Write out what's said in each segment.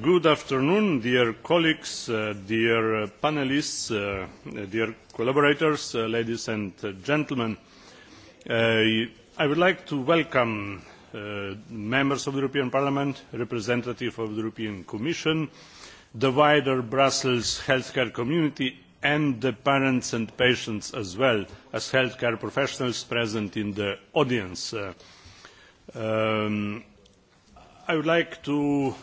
Good afternoon, dear colleagues, dear panelists, dear collaborators, ladies and gentlemen. I would like to welcome members of the European Parliament, representatives of the European Commission, the wider Brussels healthcare community and the parents and patients as well as healthcare professionals present in the audience. I would like to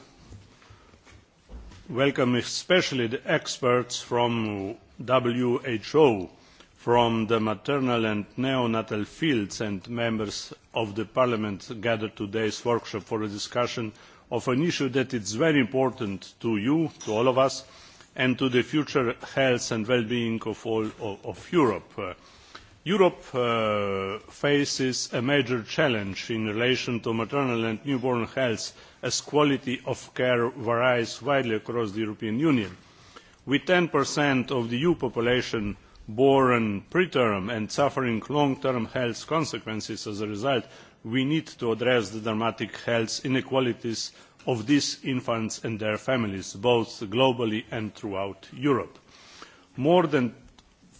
welcome especially the experts from WHO, from the maternal and neonatal fields and members of the Parliament gathered today's workshop for a discussion of an issue that is very important to you, to all of us, and to the future health and well-being of all of Europe Europe faces a major challenge in relation to maternal and newborn health as quality of care varies widely across the European Union. With 10% of the EU population born preterm and suffering long-term health consequences as a result, we need to address the dramatic health inequalities of these infants and their families, both globally and throughout Europe. More than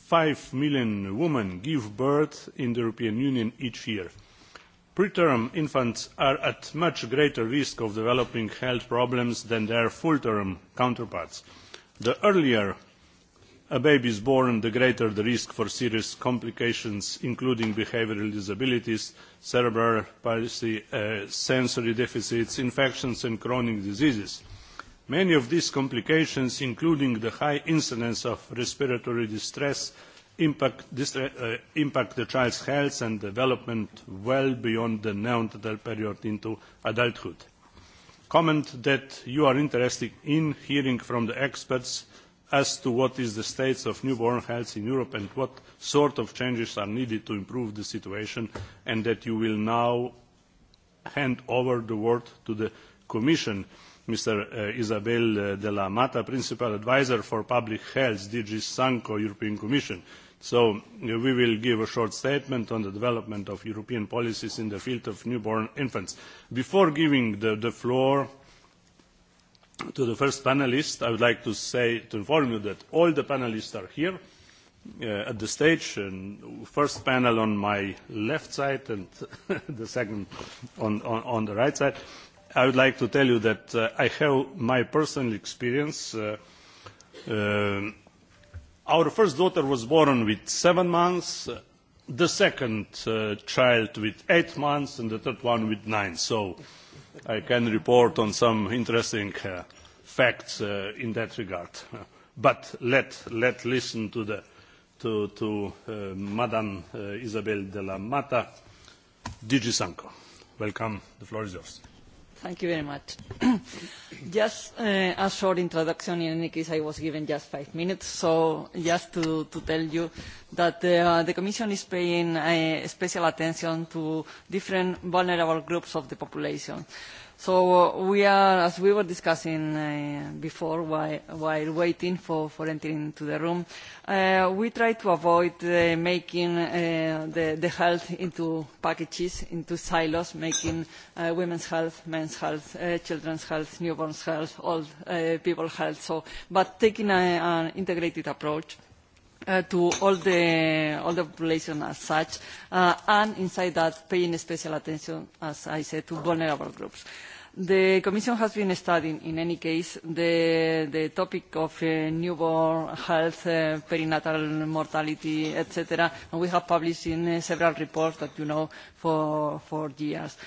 Five million women give birth in the European Union each year. Preterm infants are at much greater risk of developing health problems than their full-term counterparts. The earlier a baby is born, the greater the risk for serious complications, including behavioural disabilities, cerebral palsy, sensory deficits, infections and chronic diseases. Many of these complications, including the high incidence of respiratory distress, impact the child's health and development well beyond the neonatal period into adulthood. Comment that you are interested in hearing from the experts as to what is the state of newborn health in Europe and what sort of changes are needed to improve the situation, and that you will now hand over the word to the Commission Mr. Isabel de la Mata, Principal Advisor for Public Health, DG SANCO, European Commission. So we will give a short statement on the development of European policies in the field of newborn infants. Before giving the floor to the first panelist, I would like to say, to inform you that all the panelists are here at the stage. First panel on my left side and the second on the right side. I would like to tell you that I have my personal experience. Our first daughter was born with seven months, the second child with eight months, and the third one with nine. So I can report on some interesting facts in that regard. But let let listen to the to to Madame Isabel de la Mata, DG Welcome. The floor is yours. Thank you very much. Just a short introduction. In any case, I was given just five minutes. So just to tell you that the Commission is paying special attention to different vulnerable groups of the population So we are, as we were discussing before while waiting for entering into the room, we try to avoid making the health into packages, into silos, making women's health, men's health, children's health, newborns' health, old people's health, So, but taking an integrated approach to all the all the population as such, and inside that paying special attention, as I said, to vulnerable groups. The Commission has been studying, in any case, the topic of newborn health, perinatal mortality, etc., and we have published in several reports that you know for years.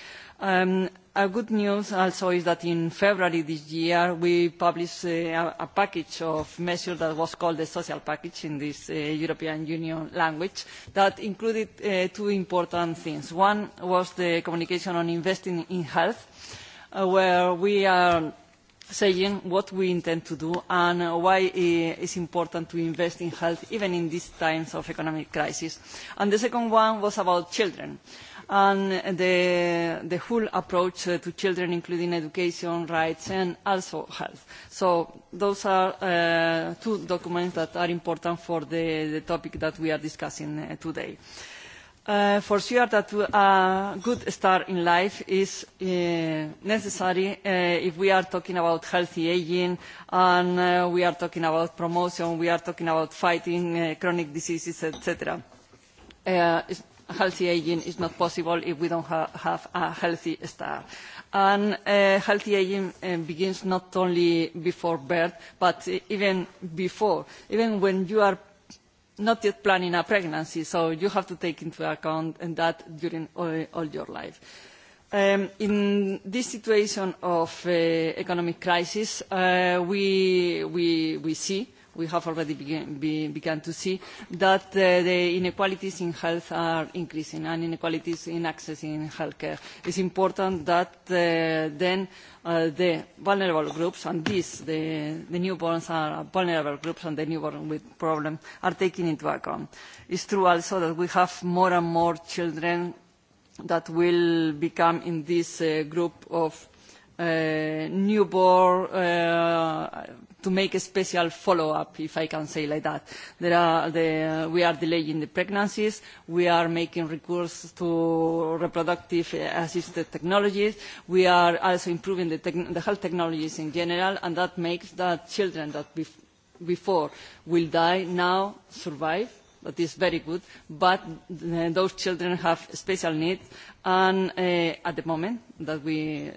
A Good news also is that in February this year we published a package of measures that was called the social package in this European Union language that included two important things. One was the communication on investing in health, where we are saying what we intend to do and why it is important to invest in health even in these times of economic crisis. And the second one was about children and the whole approach to children, including education, rights, and also health. So those are two documents that are important for the topic that we are discussing today. For sure that a good start in life is necessary if we are talking about healthy aging and we are talking about promotion, we are talking about fighting chronic diseases, etc healthy ageing is not possible if we don't have a healthy start. And healthy ageing begins not only before birth, but even before, even when you are not yet planning a pregnancy. So you have to take into account that during all your life. In this situation of economic crisis, we we we see we have already begun to see that the inequalities in health are increasing and inequalities in access in healthcare. It's important that then the vulnerable groups, and these, the newborns are vulnerable groups and the newborn with problems, are taken into account. is true also that we have more and more children that will become in this group of newborn to make a special follow-up, if I can say like that. We are delaying the pregnancies. We are making recourse to reproductive assisted technologies. We are also improving the health technologies in general, and that makes that children that before will die now survive. That is very good, but those children have special needs, and at the moment that we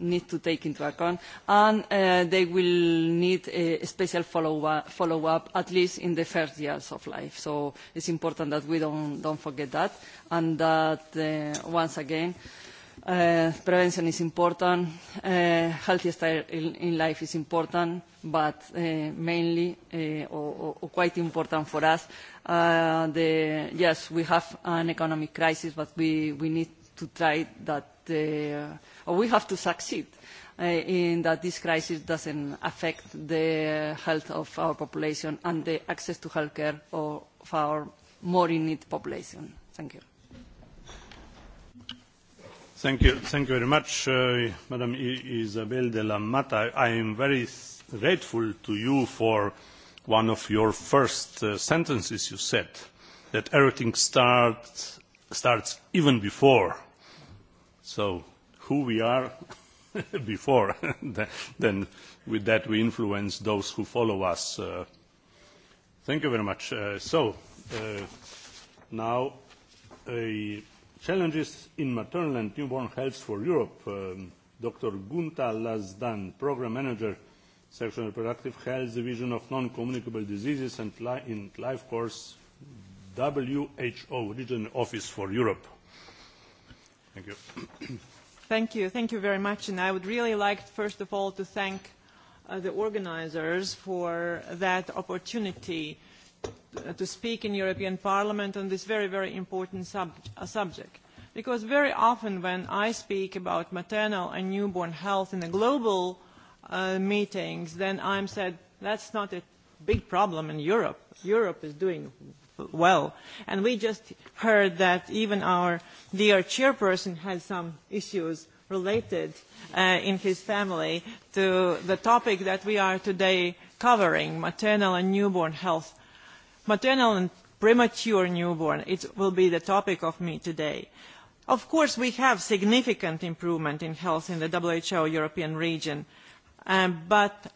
need to take into account, and they will need a special follow-up, at least in the first years of life. So it's important that we don't forget that, and that, once again, prevention is important, healthy style in life is important, but mainly, or quite important for us, yes, we have an economic crisis, but we need to try that we have to succeed in that this crisis doesn't affect the health of our population and the access to healthcare of our more in need population. Thank you. Thank you. Thank you very much, Madam Isabel de la Mata. I am very grateful to you for one of your first sentences you said, that everything starts starts even before. So who we are before, then with that we influence those who follow us. Thank you very much. So now challenges in maternal and newborn health for Europe. Dr. Gunta Lazdan, Program Manager, Sexual and Reproductive Health Division of Non-Communicable Diseases and in Life Course WHO Regional Office for Europe. Thank you. Thank you. Thank you very much. And I would really like, first of all, to thank the organizers for that opportunity to speak in European Parliament on this very, very important subject. Because very often when I speak about maternal and newborn health in the global meetings, then I'm said, that's not a big problem in Europe. Europe is doing well. And we just heard that even our dear chairperson has some issues related in his family to the topic that we are today covering, maternal and newborn health. Maternal and premature newborn, it will be the topic of me today. Of course, we have significant improvement in health in the WHO European region, but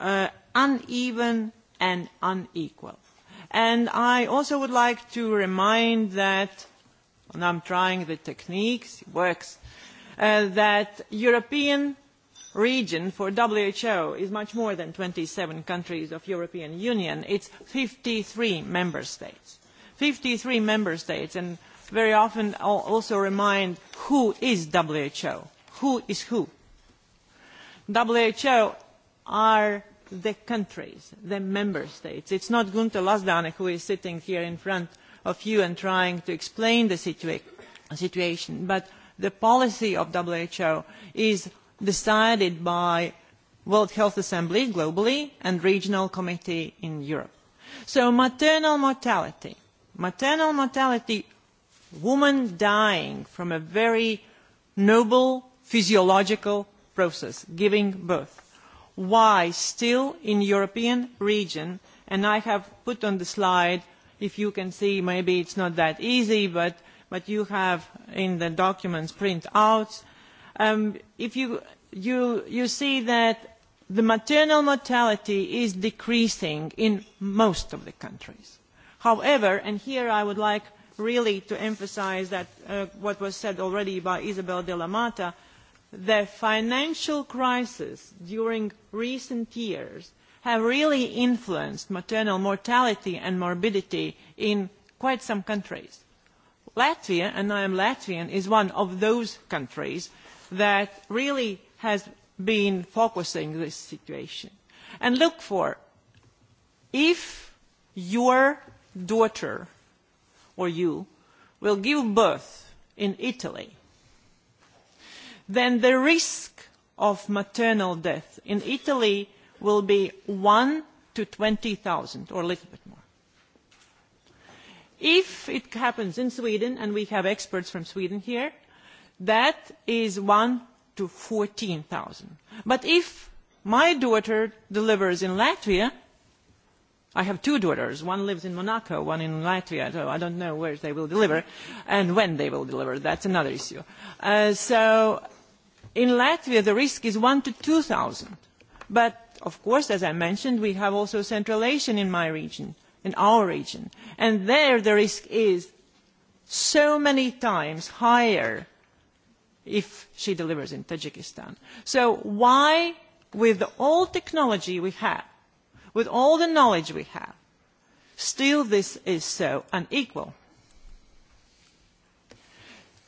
uneven and unequal And I also would like to remind that, and I'm trying the techniques, it works, that European region for WHO is much more than 27 countries of European Union. It's 53 member states. 53 member states, and very often also remind who is WHO, who is who. WHO are the countries, the member states. It's not Gunther Lasdane who is sitting here in front of you and trying to explain the situation, but the policy of WHO is decided by World Health Assembly globally and regional committee in Europe. So maternal mortality. Maternal mortality, woman dying from a very noble physiological process, giving birth why still in European region, and I have put on the slide, if you can see, maybe it's not that easy, but you have in the documents printouts. If you see that the maternal mortality is decreasing in most of the countries. However, and here I would like really to emphasise that what was said already by Isabel de la Mata, the financial crisis during recent years have really influenced maternal mortality and morbidity in quite some countries. Latvia, and I am Latvian, is one of those countries that really has been focusing this situation. And look for, if your daughter or you will give birth in Italy, then the risk of maternal death in Italy will be one to 20,000 or a little bit more. If it happens in Sweden, and we have experts from Sweden here, that is one to 14,000. But if my daughter delivers in Latvia, I have two daughters. One lives in Monaco, one in Latvia, so I don't know where they will deliver and when they will deliver. That's another issue. So In Latvia, the risk is 1 to 2,000. But, of course, as I mentioned, we have also Central Asian in my region, in our region. And there the risk is so many times higher if she delivers in Tajikistan. So why, with all the technology we have, with all the knowledge we have, still this is so unequal?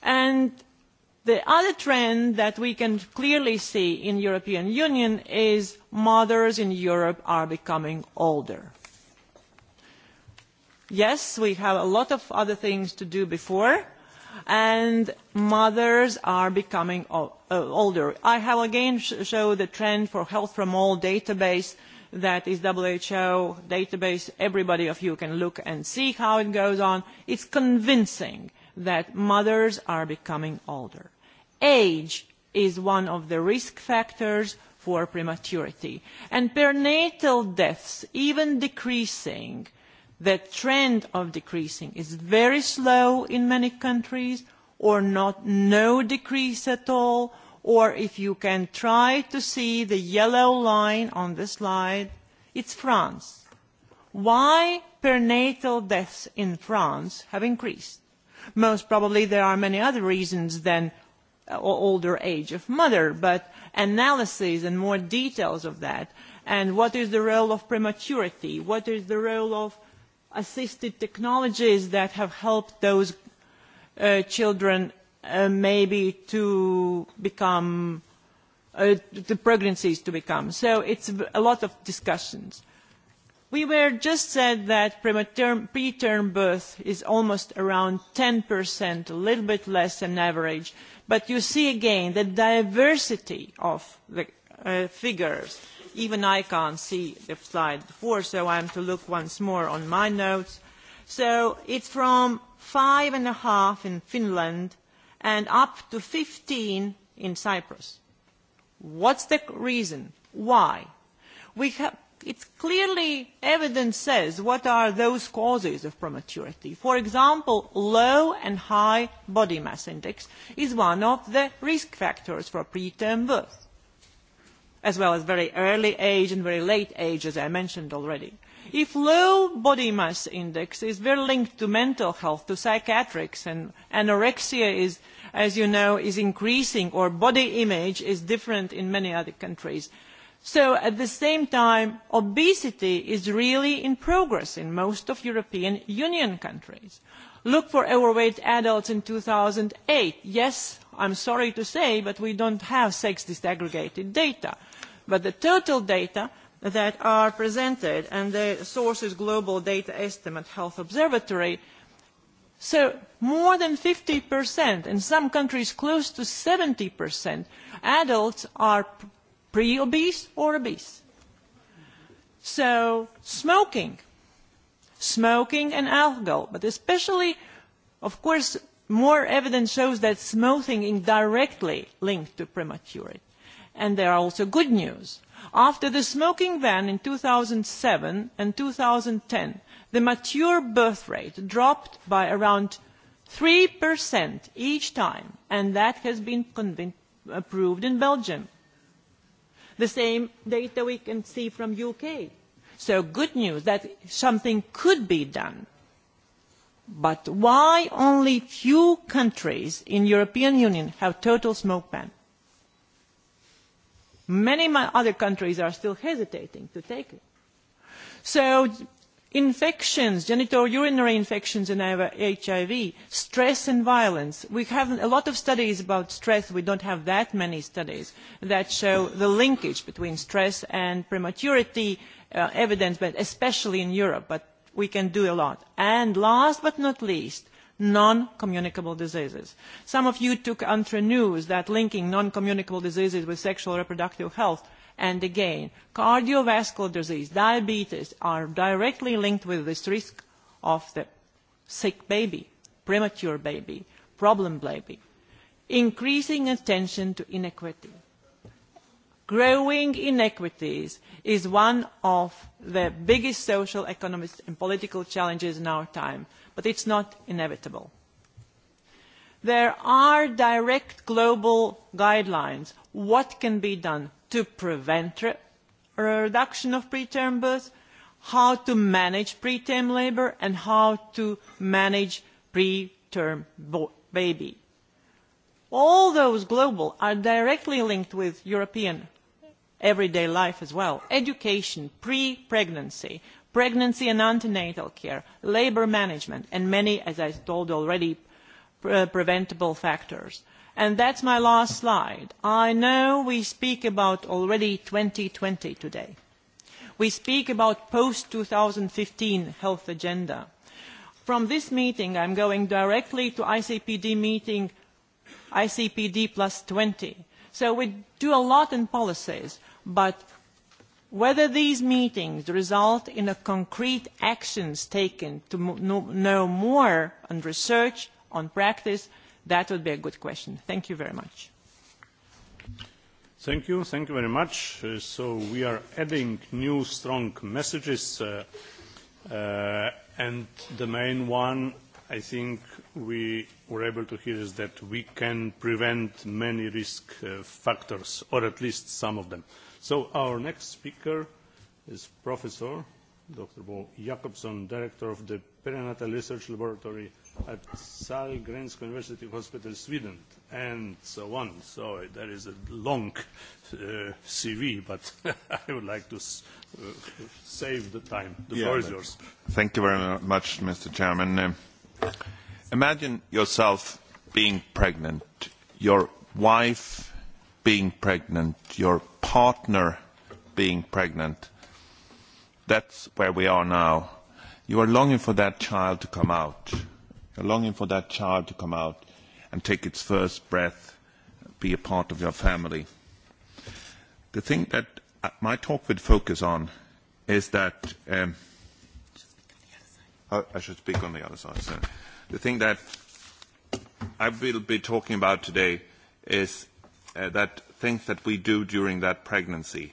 And The other trend that we can clearly see in the European Union is mothers in Europe are becoming older. Yes, we have a lot of other things to do before, and mothers are becoming older. I have again shown the trend for Health from All database that is WHO database. Everybody of you can look and see how it goes on. It's convincing that mothers are becoming older age is one of the risk factors for prematurity. And perinatal deaths, even decreasing, the trend of decreasing is very slow in many countries, or not no decrease at all, or if you can try to see the yellow line on the slide, it's France. Why perinatal deaths in France have increased? Most probably there are many other reasons than older age of mother, but analysis and more details of that, and what is the role of prematurity, what is the role of assisted technologies that have helped those children maybe to become, the pregnancies to become. So it's a lot of discussions. We were just said that preterm birth is almost around 10%, a little bit less than average. But you see again the diversity of the figures. Even I can't see the slide before, so I am to look once more on my notes. So it's from five and a half in Finland and up to 15 in Cyprus. What's the reason? Why? We have... It clearly evidence says what are those causes of prematurity. For example, low and high body mass index is one of the risk factors for preterm birth, as well as very early age and very late age, as I mentioned already. If low body mass index is very linked to mental health, to psychiatrics, and anorexia is, as you know, is increasing, or body image is different in many other countries So at the same time, obesity is really in progress in most of European Union countries. Look for overweight adults in 2008. Yes, I'm sorry to say, but we don't have sex disaggregated data. But the total data that are presented, and the sources Global Data Estimate Health Observatory, so more than 50%, in some countries close to 70%, adults are pre-obese or obese. So smoking, smoking and alcohol, but especially, of course, more evidence shows that smoking is directly linked to prematurity. And there are also good news. After the smoking ban in 2007 and 2010, the mature birth rate dropped by around 3% each time, and that has been approved in Belgium the same data we can see from UK. So good news that something could be done. But why only few countries in the European Union have total smoke ban? Many other countries are still hesitating to take it. So Infections, urinary infections and HIV, stress and violence. We have a lot of studies about stress. We do not have that many studies that show the linkage between stress and prematurity evidence, but especially in Europe. But we can do a lot. And last but not least, non-communicable diseases. Some of you took entre news that linking non-communicable diseases with sexual reproductive health And again, cardiovascular disease, diabetes are directly linked with this risk of the sick baby, premature baby, problem baby. Increasing attention to inequity. Growing inequities is one of the biggest social, economic and political challenges in our time, but it's not inevitable. There are direct global guidelines. What can be done? to prevent reduction of preterm births, how to manage preterm labour and how to manage preterm baby. All those global are directly linked with European everyday life as well. Education, pre-pregnancy, pregnancy and antenatal care, labour management, and many, as I told already, preventable factors. And that's my last slide. I know we speak about already 2020 today. We speak about post-2015 health agenda. From this meeting, I'm going directly to ICPD meeting ICPD plus 20. So we do a lot in policies, but whether these meetings result in concrete actions taken to know more on research, on practice, That would be a good question. Thank you very much. Thank you. Thank you very much. So we are adding new strong messages, and the main one I think we were able to hear is that we can prevent many risk factors, or at least some of them. So our next speaker is Professor Dr. Bo Jacobson, Director of the Perinatal Research Laboratory at Sahlgrenska University Hospital, Sweden, and so on. So that is a long CV, but I would like to save the time. The floor is yours. Thank you very much, Mr. Chairman. Imagine yourself being pregnant, your wife being pregnant, your partner being pregnant. That's where we are now. You are longing for that child to come out longing for that child to come out and take its first breath, be a part of your family. The thing that my talk would focus on is that I should speak on the other side. So the thing that I will be talking about today is that things that we do during that pregnancy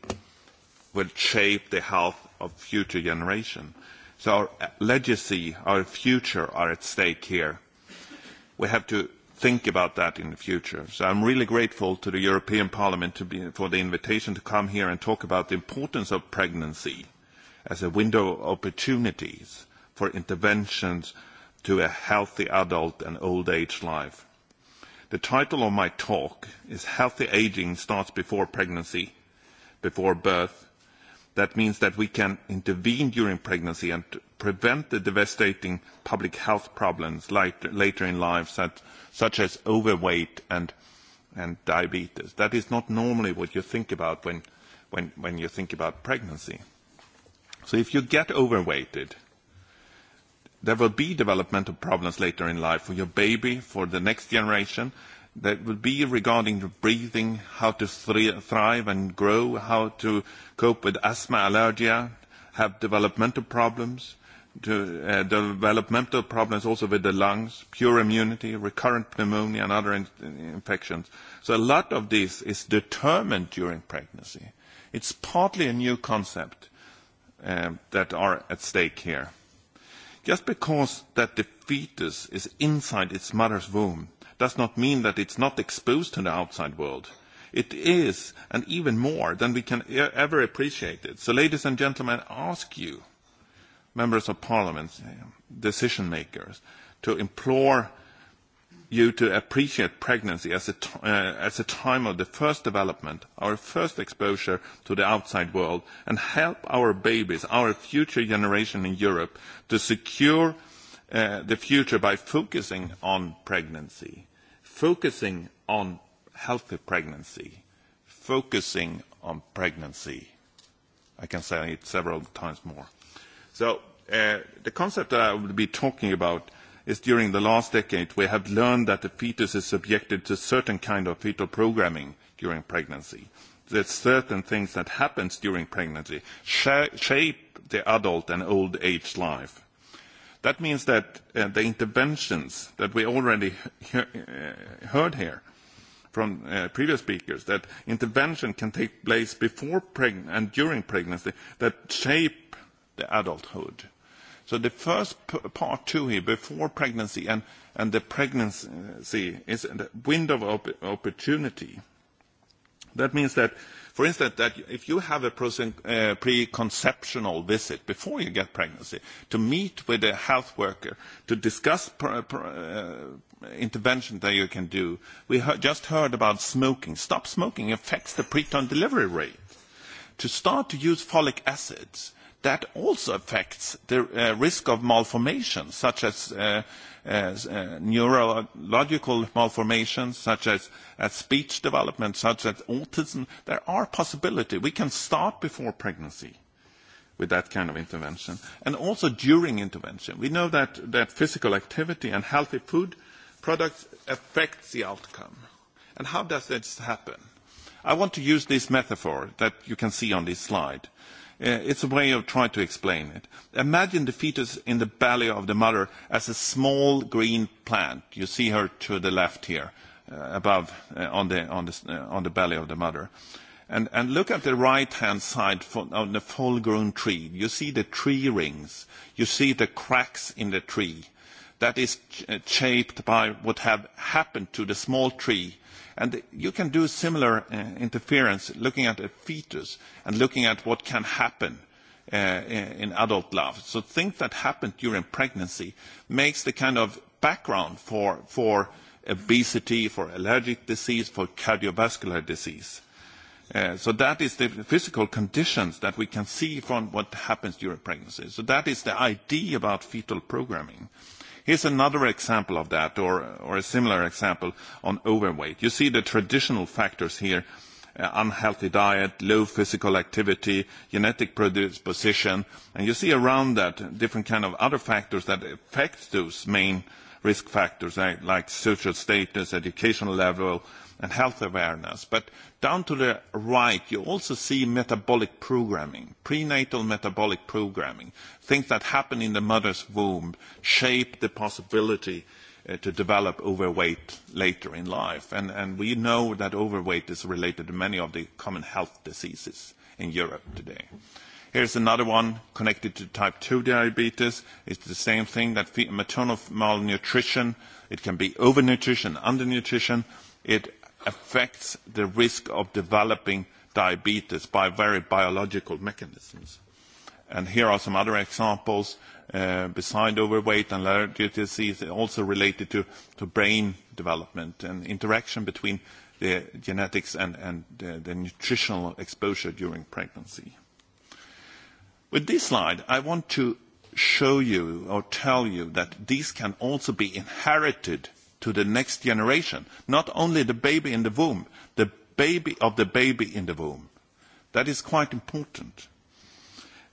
will shape the health of future generation. So our legacy, our future are at stake here. We have to think about that in the future. So I'm really grateful to the European Parliament for the invitation to come here and talk about the importance of pregnancy as a window of opportunities for interventions to a healthy adult and old age life. The title of my talk is Healthy Aging Starts Before Pregnancy, Before Birth, That means that we can intervene during pregnancy and prevent the devastating public health problems later in life, such as overweight and diabetes. That is not normally what you think about when you think about pregnancy. So if you get overweighted, there will be developmental problems later in life for your baby, for the next generation, that would be regarding breathing, how to thrive and grow, how to cope with asthma, allergia, have developmental problems, developmental problems also with the lungs, pure immunity, recurrent pneumonia and other infections. So a lot of this is determined during pregnancy. It's partly a new concept that are at stake here. Just because that the fetus is inside its mother's womb does not mean that it's not exposed to the outside world. It is, and even more than we can ever appreciate it. So, ladies and gentlemen, I ask you, members of parliament, decision makers, to implore you to appreciate pregnancy as a time of the first development, our first exposure to the outside world, and help our babies, our future generation in Europe, to secure the future by focusing on pregnancy, focusing on healthy pregnancy, focusing on pregnancy. I can say it several times more. So the concept that I will be talking about is during the last decade we have learned that the fetus is subjected to certain kind of fetal programming during pregnancy. That certain things that happens during pregnancy shape the adult and old age life That means that the interventions that we already heard here from previous speakers, that intervention can take place before and during pregnancy, that shape the adulthood. So the first part two here, before pregnancy and and the pregnancy, is a window of opportunity. That means that For instance, that if you have a preconceptional visit before you get pregnancy, to meet with a health worker, to discuss intervention that you can do. We just heard about smoking. Stop smoking affects the preterm delivery rate. To start to use folic acids that also affects the risk of malformations, such as neurological malformations, such as speech development, such as autism. There are possibilities. We can start before pregnancy with that kind of intervention, and also during intervention. We know that physical activity and healthy food products affect the outcome. And how does this happen? I want to use this metaphor that you can see on this slide It's a way of trying to explain it. Imagine the fetus in the belly of the mother as a small green plant. You see her to the left here, above on the belly of the mother. And and look at the right-hand side of the full-grown tree. You see the tree rings. You see the cracks in the tree. That is shaped by what have happened to the small tree And you can do similar interference looking at a fetus and looking at what can happen in adult life. So things that happen during pregnancy makes the kind of background for obesity, for allergic disease, for cardiovascular disease. So that is the physical conditions that we can see from what happens during pregnancy. So that is the idea about fetal programming. Here's another example of that, or a similar example on overweight. You see the traditional factors here, unhealthy diet, low physical activity, genetic predisposition, and you see around that different kind of other factors that affect those main risk factors, like social status, educational level, and health awareness. But down to the right, you also see metabolic programming, prenatal metabolic programming. Things that happen in the mother's womb shape the possibility to develop overweight later in life. And we know that overweight is related to many of the common health diseases in Europe today. Here's another one connected to type 2 diabetes. It's the same thing that maternal malnutrition, it can be overnutrition, undernutrition. It affects the risk of developing diabetes by very biological mechanisms. And here are some other examples beside overweight and allergic disease, also related to brain development and interaction between the genetics and the nutritional exposure during pregnancy. With this slide, I want to show you or tell you that these can also be inherited to the next generation, not only the baby in the womb, the baby of the baby in the womb. That is quite important.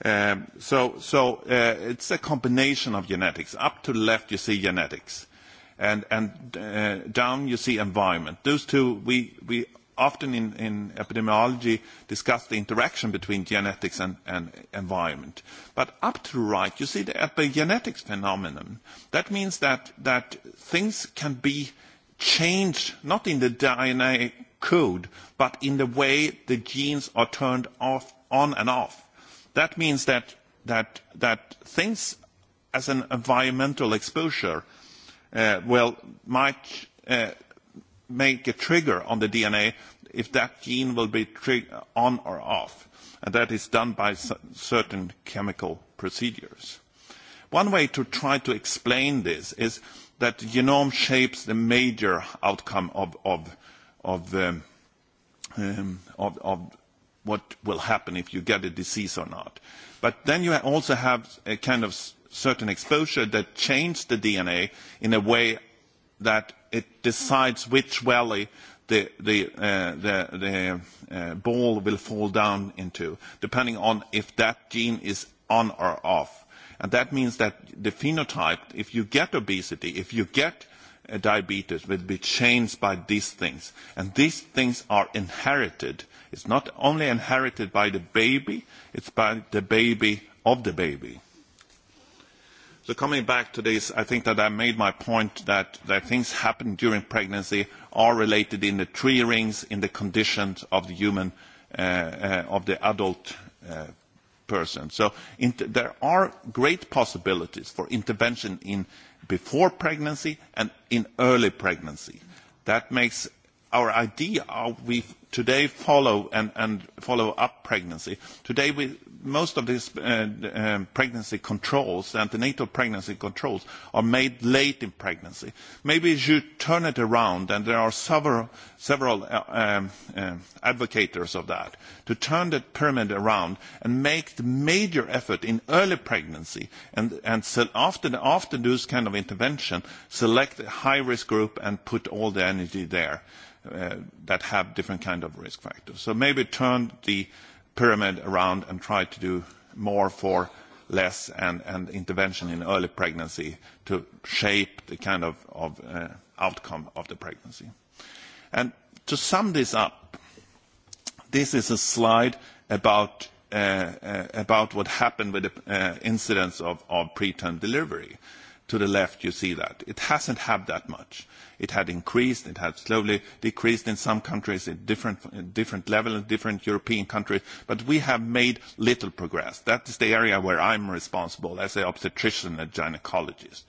So so it's a combination of genetics. Up to the left you see genetics, and and down you see environment. Those two we we often in epidemiology discuss the interaction between genetics and environment. But up to the right, you see the epigenetics phenomenon. That means that that things can be changed, not in the DNA code, but in the way the genes are turned off, on and off. That means that things as an environmental exposure well might make a trigger on the DNA if that gene will be on or off. And that is done by certain chemical procedures. One way to try to explain this is that the genome shapes the major outcome of what will happen if you get a disease or not. But then you also have a kind of certain exposure that changes the DNA in a way that it decides which valley the the ball will fall down into, depending on if that gene is on or off. And that means that the phenotype, if you get obesity, if you get diabetes, will be changed by these things. And these things are inherited. It's not only inherited by the baby, it's by the baby of the baby. So coming back to this, I think that I made my point that things happen during pregnancy are related in the tree rings, in the conditions of the human, of the adult person. So there are great possibilities for intervention in before pregnancy and in early pregnancy. That makes our idea of we today follow and follow up pregnancy. Today, most of these pregnancy controls, antenatal pregnancy controls, are made late in pregnancy. Maybe you should turn it around, and there are several advocators of that, to turn that pyramid around and make the major effort in early pregnancy, and after those kind of intervention, select a high-risk group and put all the energy there that have different kind of risk factors, So maybe turn the pyramid around and try to do more for less and intervention in early pregnancy to shape the kind of outcome of the pregnancy. And to sum this up, this is a slide about what happened with the incidence of preterm delivery. To the left, you see that. It hasn't had that much. It had increased, it had slowly decreased in some countries at different level in different European countries, but we have made little progress. That is the area where I'm responsible as an obstetrician and gynecologist.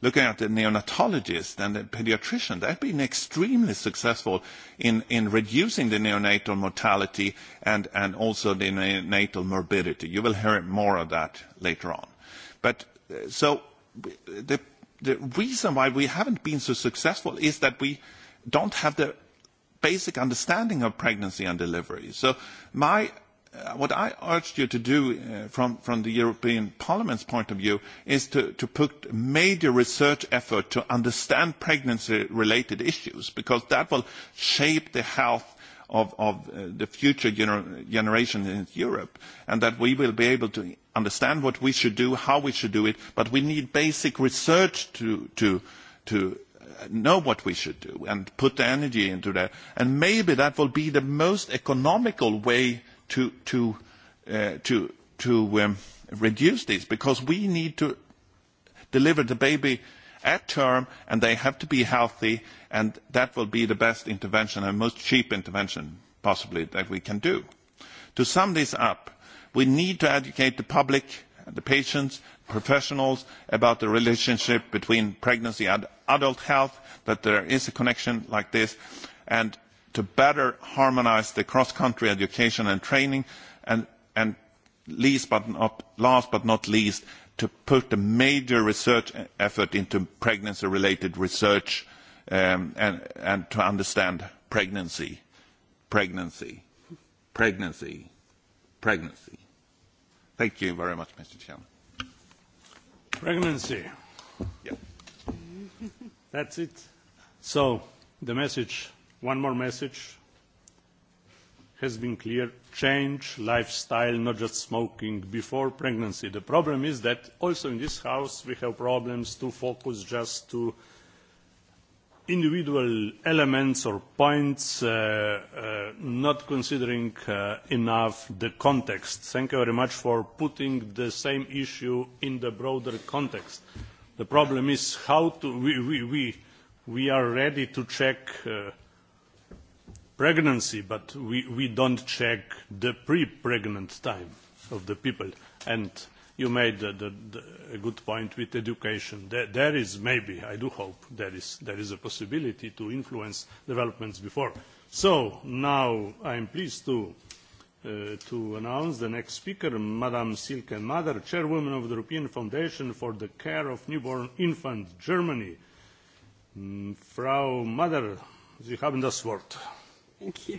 Looking at the neonatologist and the pediatrician, they've been extremely successful in reducing the neonatal mortality and also the neonatal morbidity. You will hear more of that later on. so the the reason why we haven't been so successful is that we don't have the basic understanding of pregnancy and delivery. So my what I urge you to do from the European Parliament's point of view is to put major research effort to understand pregnancy-related issues because that will shape the health of the future generation in Europe, and that we will be able to understand what we should do, how we should do it, but we need basic research to to to know what we should do and put the energy into that. And maybe that will be the most economical way to reduce this, because we need to deliver the baby at term and they have to be healthy and that will be the best intervention and most cheap intervention possibly that we can do. To sum this up, we need to educate the public, the patients, professionals about the relationship between pregnancy and adult health, that there is a connection like this, and to better harmonise the cross-country education and training, and last but not least, to put a major research effort into pregnancy-related research and to understand pregnancy, pregnancy, pregnancy, pregnancy. Thank you very much, Mr. Chairman. Pregnancy. That's it. So the message, one more message has been clear change lifestyle not just smoking before pregnancy. the problem is that also in this house we have problems to focus just to individual elements or points not considering enough the context. thank you very much for putting the same issue in the broader context. the problem is how to we are ready to check pregnancy, but we we don't check the pre-pregnant time of the people. And you made a good point with education. There is maybe, I do hope, there is there is a possibility to influence developments before. So now I am pleased to to announce the next speaker, Madam Silke Mader, Chairwoman of the European Foundation for the Care of Newborn Infants, Germany. Frau Mader, Sie haben das Wort. Thank you.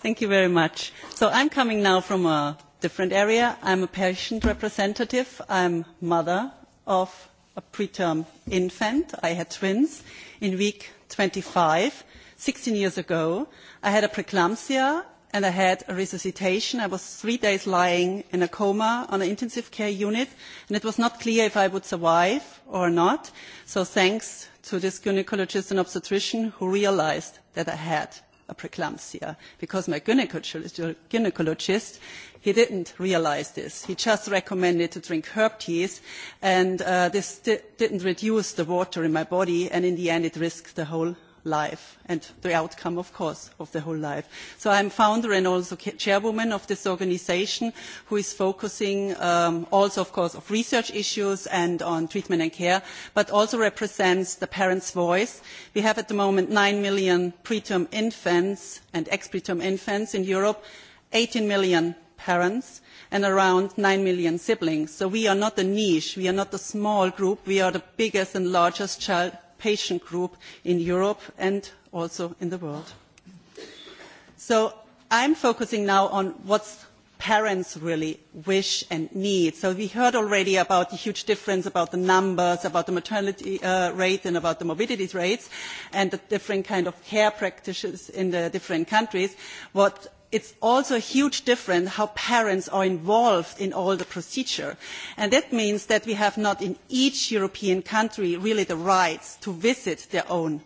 Thank you very much. So I'm coming now from a different area. I'm a patient representative. I'm mother of a preterm infant. I had twins in week 25, 16 years ago. I had a preeclampsia and I had a resuscitation. I was three days lying in a coma on an intensive care unit, and it was not clear if I would survive or not. So thanks to this gynecologist and obstetrician who realized that I had a preeclampsia because my gynecologist he didn't realize this. He just recommended to drink herb teas and this didn't reduce the water in my body and in the end it risked the whole life and the outcome, of course, of the whole life. So I'm founder and also chairwoman of this organization who is focusing also, of course, on research issues and on treatment and care, but also represents the parents' voice. We have at the moment 9 million preterm infants and ex-preterm infants in Europe, 18 million parents and around 9 million siblings. So we are not a niche, we are not a small group, we are the biggest and largest child patient group in Europe and also in the world. So I'm focusing now on what parents really wish and need. So we heard already about the huge difference about the numbers, about the maternity rate and about the morbidity rates and the different kind of care practices in the different countries. What It's also a huge difference how parents are involved in all the procedure, and that means that we have not in each European country really the rights to visit their own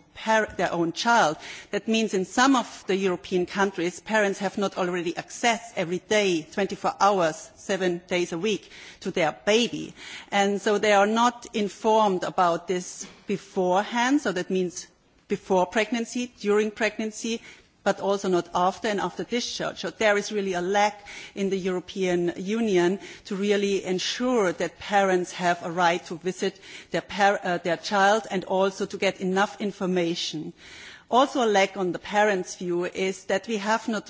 child. That means in some of the European countries parents have not already access every day, 24 hours, seven days a week, to their baby, and so they are not informed about this beforehand. So that means before pregnancy, during pregnancy but also not after and after discharge. So there is really a lack in the European Union to really ensure that parents have a right to visit their child and also to get enough information. Also a lack on the parents' view is that we have not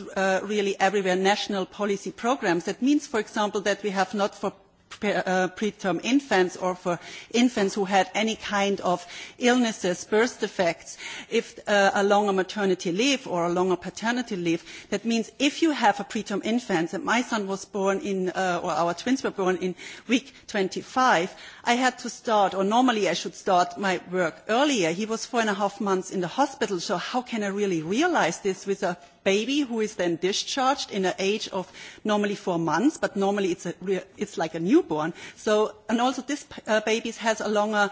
really everywhere national policy programmes. That means, for example, that we have not for preterm infants or for infants who had any kind of illnesses, birth defects, if a longer maternity leave or a longer paternity leave. That means if you have a preterm infant, and my son was born in, or our twins were born in week twenty five, I had to start, or normally I should start my work earlier. He was four and a half months in the hospital, so how can I really realise this with a baby who is then discharged in an age of normally four months, but normally it's it's like a newborn. So and also this baby has a longer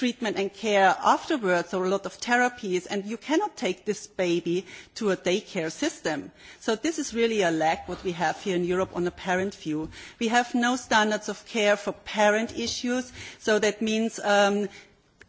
treatment and care afterwards, or a lot of therapies, and you cannot take this baby to a daycare system. So this is really a lack what we have here in Europe on a parent view. We have no standards of care for parent issues, so that means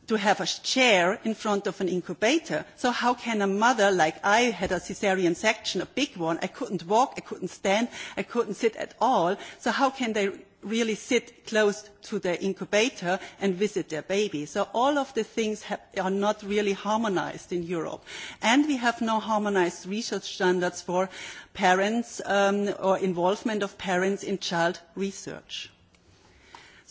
to have a chair in front of an incubator. So how can a mother, like I had a cesarean section, a big one, I couldn't walk, I couldn't stand, I couldn't sit at all. So how can they really sit close to the incubator and visit their baby. So all of the things are not really harmonized in Europe. And we have no harmonized research standards for parents or involvement of parents in child research.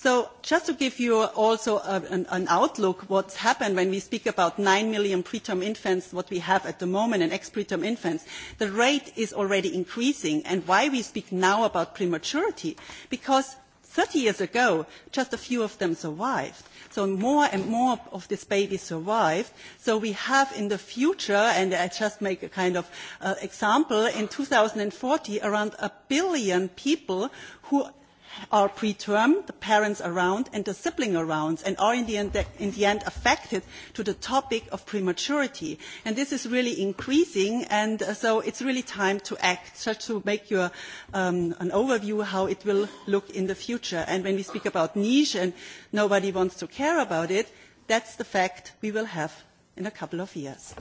So just to give you also an outlook what's happened when we speak about 9 million preterm infants, what we have at the moment, and ex-preterm infants, the rate is already increasing. And why we speak now about prematurity? Because 30 years ago, just a few of them survived. So more and more of these babies survived. So we have in the future, and I just make a kind of example, in 2040, around a billion people who are preterm, the parents around and the sibling around, and are in the end affected to the topic of prematurity. And this is really increasing, and so it's really time to act, just to make you an overview of how it will look in the future. And when we speak about niche and nobody wants to care about it, that's the fact we will have in a couple of years.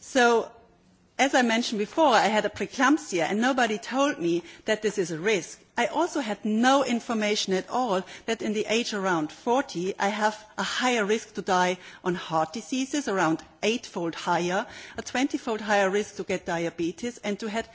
So, as I mentioned before, I had a preeclampsia, and nobody told me that this is a risk. I also had no information at all that in the age around 40 I have a higher risk to die on heart diseases, around eightfold higher, a 20-fold higher risk to get diabetes and to have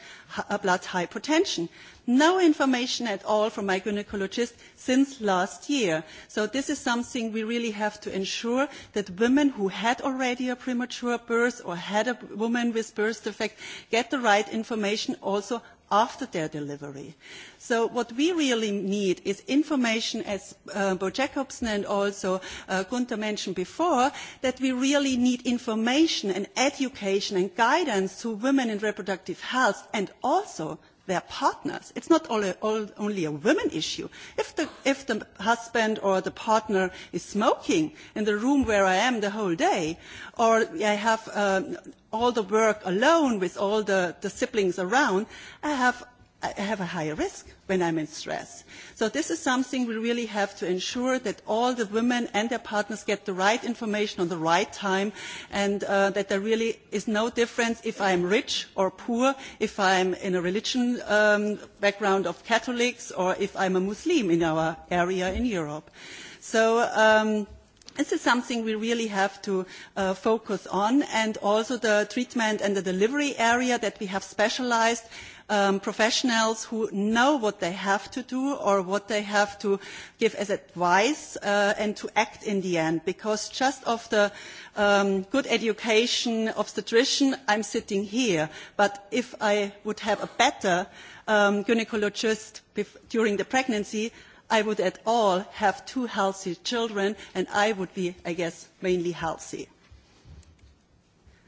blood hypertension. No information at all from my gynecologist since last year. So this is something we really have to ensure that women who had already a premature birth or had a woman with birth defect get the right information also after their delivery. So what we really need is information, as Bo Jacobson and also Gunther mentioned before, that we really need information and education and guidance to women in reproductive health and also their partners. It's not only a women issue. If the if the husband or the partner is smoking in the room where I am the whole day, or I have all the work alone with all the siblings around, I have I have a higher risk when I'm in stress. So this is something we really have to ensure that all the women and their partners get the right information on the right time and that there really is no difference if I'm rich or poor, if I'm in a religion background of Catholics or if I'm a Muslim in our area in Europe. So This is something we really have to focus on, and also the treatment and the delivery area that we have specialised professionals who know what they have to do or what they have to give as advice and to act in the end. Because just of the good education obstetrician, I'm sitting here. But if I would have a better gynecologist during the pregnancy, I would at all have two healthy children and I would be, I guess, mainly healthy.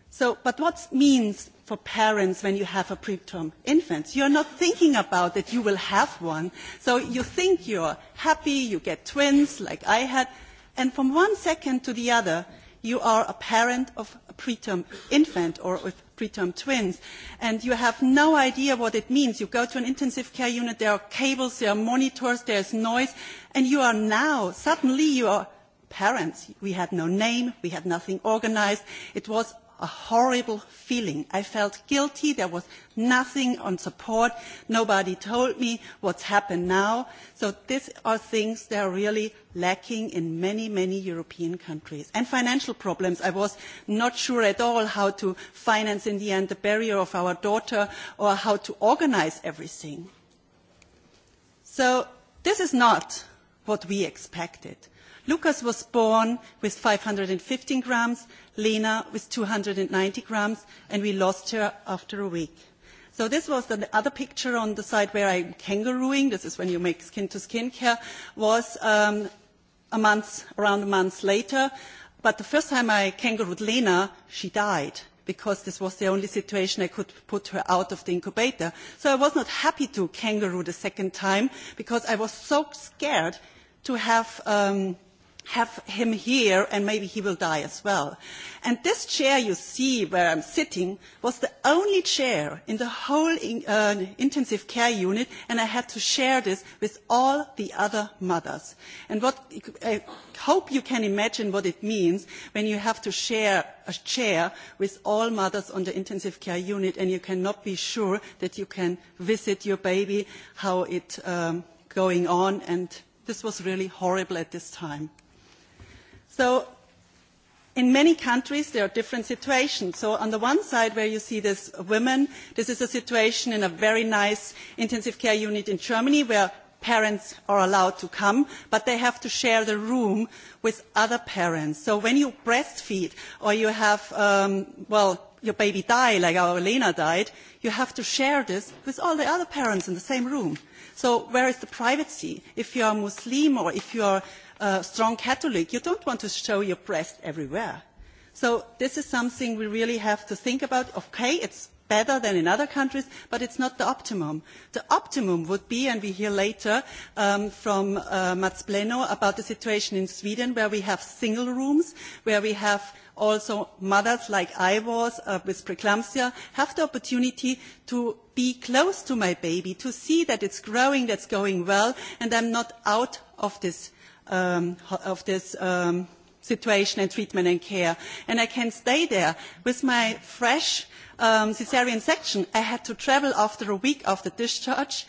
So, but what means for parents when you have a preterm infant? You're not thinking about that you will have one. So you think you're happy, you get twins like I had, and from one second to the other, you are a parent of a preterm infant or with preterm twins. And you have no idea what it means. You go to an intensive care unit, there are cables, there are monitors, there is noise, and you are now, suddenly you are parents. We had no name, we had nothing organized. It was a horrible feeling. I felt guilty. There was nothing on support. Nobody told me what's happened now. So these are things that are really lacking in many, many European countries. And financial problems. I was not sure at all how to finance in the end the barrier of our daughter or how to organise everything. So this is not what we expected. Lucas was born with 515 grams, Lena with 290 grams, and we lost her after a week. So this was the other picture on the side where I'm kangarooing. This is when you make skin-to-skin care. Was a month, around a month later. But the first time I kangarooed Lena, she died because this was the only situation I could put her out of the incubator. So I was not happy to kangaroo the second time because I was so scared to have have him here and maybe he will die as well. And this chair you see where I'm sitting was the only chair in the whole intensive care unit and I had to share this with all the other mothers. And what I hope you can imagine what it means when you have to share a chair with all mothers on the intensive care unit and you cannot be sure that you can visit your baby, how it's going on and this was really horrible at this time. So in many countries there are different situations. So on the one side where you see these women, this is a situation in a very nice intensive care unit in Germany where parents are allowed to come, but they have to share the room with other parents. So when you breastfeed or you have, well, your baby die, like our Elena died, you have to share this with all the other parents in the same room. So where is the privacy? If you are Muslim or if you are a strong Catholic, you don't want to show your breast everywhere. So this is something we really have to think about. Okay, it's better than in other countries, but it's not the optimum. The optimum would be, and we hear later from Mats Pleno about the situation in Sweden, where we have single rooms, where we have also mothers like I was with preeclampsia, have the opportunity to be close to my baby, to see that it's growing, that that's going well, and I'm not out of this situation and treatment and care. And I can stay there with my fresh cesarean section, I had to travel after a week after discharge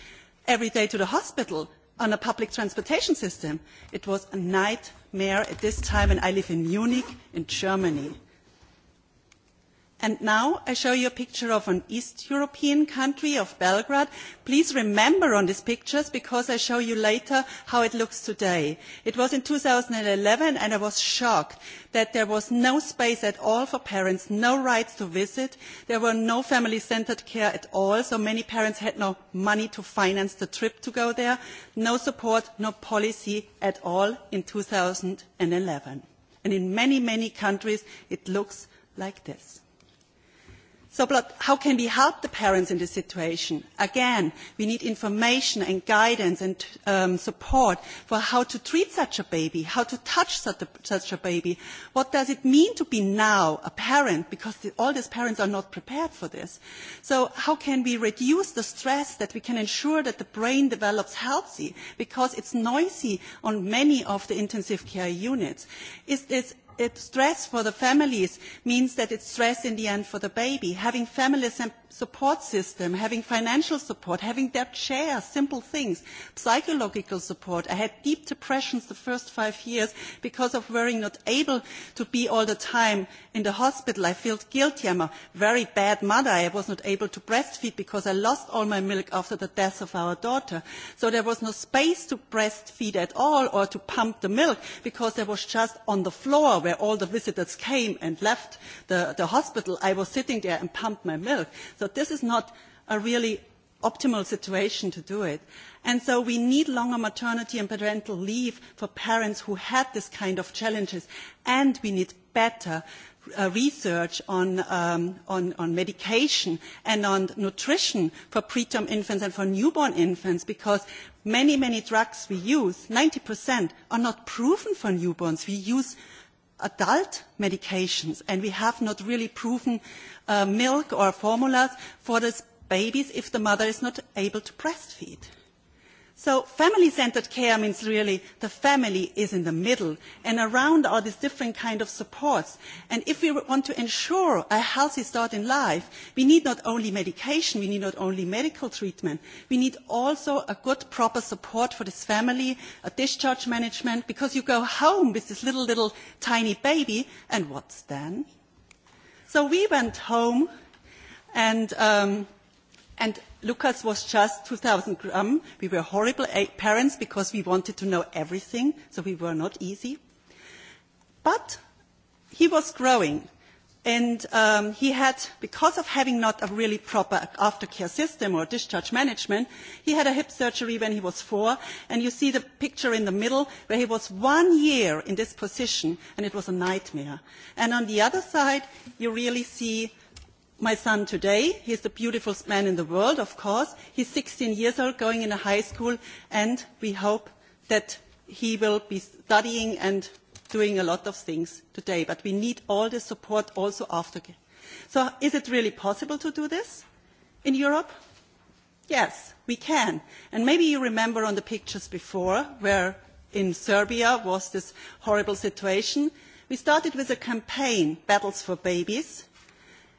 every day to the hospital on a public transportation system. It was a nightmare at this time, and I live in Munich, in Germany. And now I show you a picture of an East European country, of Belgrade. Please remember on these pictures because I show you later how it looks today. It was in 2011 and I was shocked that there was no space at all for parents, no rights to visit. There were no family-centered care at all, so many parents had no money to finance the trip to go there. No support, no policy at all in 2011. And in many, many countries it looks like this. So how can we help the parents in this situation? Again, we need information and guidance and support for how to treat such a baby, how to touch such a baby. What does it mean to be now a parent? Because all these parents are not prepared for this. So how can we reduce the stress that we can ensure that the brain develops healthy? Because it's noisy on many of the intensive care units. Is this stress for the families means that it's stress in the end for the baby. Having family support system, having financial support, having debt share, simple things, psychological support. I had deep depressions the first five years because of worrying not able to be all the time in the hospital. I felt guilty. I'm a very bad mother. I was not able to breastfeed because I lost all my milk after the death of our daughter. So there was no space to breastfeed at all or to pump the milk because there was just on the floor where all the visitors came and left the hospital, I was sitting there and pumped my milk. So this is not a really optimal situation to do it. And so we need longer maternity and parental leave for parents who had this kind of challenges. And we need better research on medication and on nutrition for preterm infants and for newborn infants because many, many drugs we use, 90%, are not proven for newborns. We use adult medications, and we have not really proven milk or formulas for these babies if the mother is not able to breastfeed. So family centred care means really the family is in the middle and around are these different kind of supports. And if we want to ensure a healthy start in life, we need not only medication, we need not only medical treatment, we need also a good proper support for this family, a discharge management, because you go home with this little, little tiny baby and what's then? So we went home and Lucas was just 2,000 gram. We were horrible parents because we wanted to know everything, so we were not easy. But he was growing, and he had, because of having not a really proper aftercare system or discharge management, he had a hip surgery when he was four, and you see the picture in the middle where he was one year in this position, and it was a nightmare. And on the other side, you really see my son today. is the beautiful man in the world, of course. He is 16 years old, going in a high school, and we hope that he will be studying and doing a lot of things today. But we need all the support also after. So is it really possible to do this in Europe? Yes, we can. And maybe you remember on the pictures before, where in Serbia was this horrible situation. We started with a campaign, Battles for Babies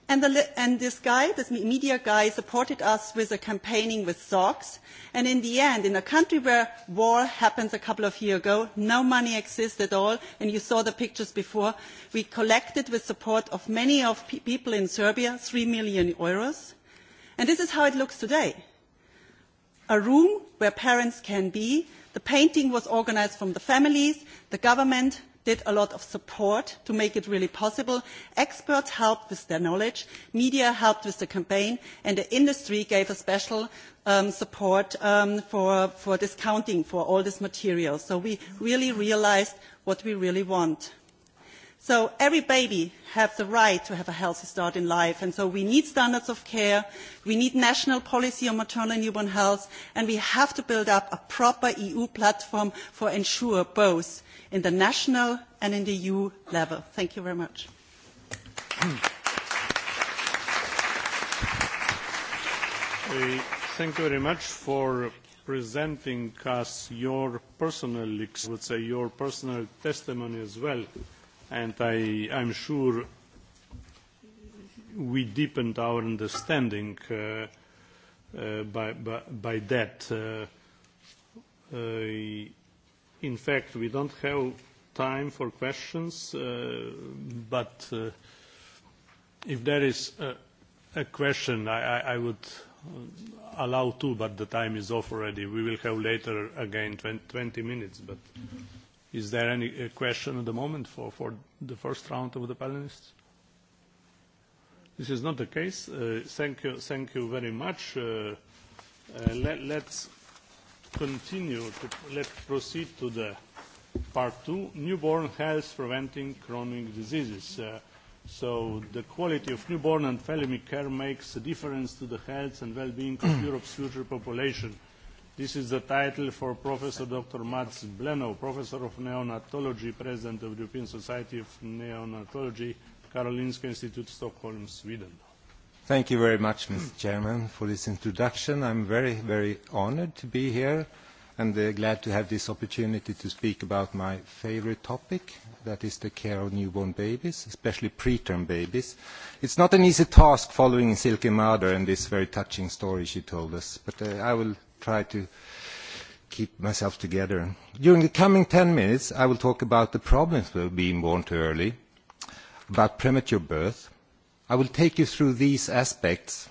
And this guy, this media guy, supported us with a campaigning with socks. And in the end, in a country where war happened a couple of years ago, no money exists at all, and you saw the pictures before, we collected with support of many of people in Serbia, 3 million euros. And this is how it looks today. A room where parents can be. The painting was organised from the families, the government, did a lot of support to make it really possible. Experts helped with their knowledge, media helped with the campaign, and the industry gave a special support for discounting for all this material. So we really realized what we really want. So every baby has the right to have a healthy start in life, and so we need standards of care, we need national policy on maternal and newborn health, and we have to build up a proper EU platform for ensure both in the national and in the EU level. Thank you very much. Thank you very much for presenting us your personal, I would say, your personal testimony as well. And I am sure we deepened our understanding by that. In fact, we don't have time for questions, but if there is a question, I would allow two, but the time is off already. We will have later again 20 minutes, but is there any question at the moment for the first round of the panelists? This is not the case. Thank you very much. Let's continue to let's proceed to the part two, newborn health preventing chronic diseases. So the quality of newborn and family care makes a difference to the health and well-being of Europe's future population. This is the title for Professor Dr. Mats Blenow, Professor of Neonatology, President of the European Society of Neonatology, Karolinska Institute, Stockholm, Sweden. Thank you very much, Mr. Chairman, for this introduction. I'm very, very honored to be here and glad to have this opportunity to speak about my favorite topic, that is the care of newborn babies, especially preterm babies. It's not an easy task following Silke mother and this very touching story she told us, but I will try to keep myself together. During the coming 10 minutes, I will talk about the problems with being born too early, about premature birth, I will take you through these aspects.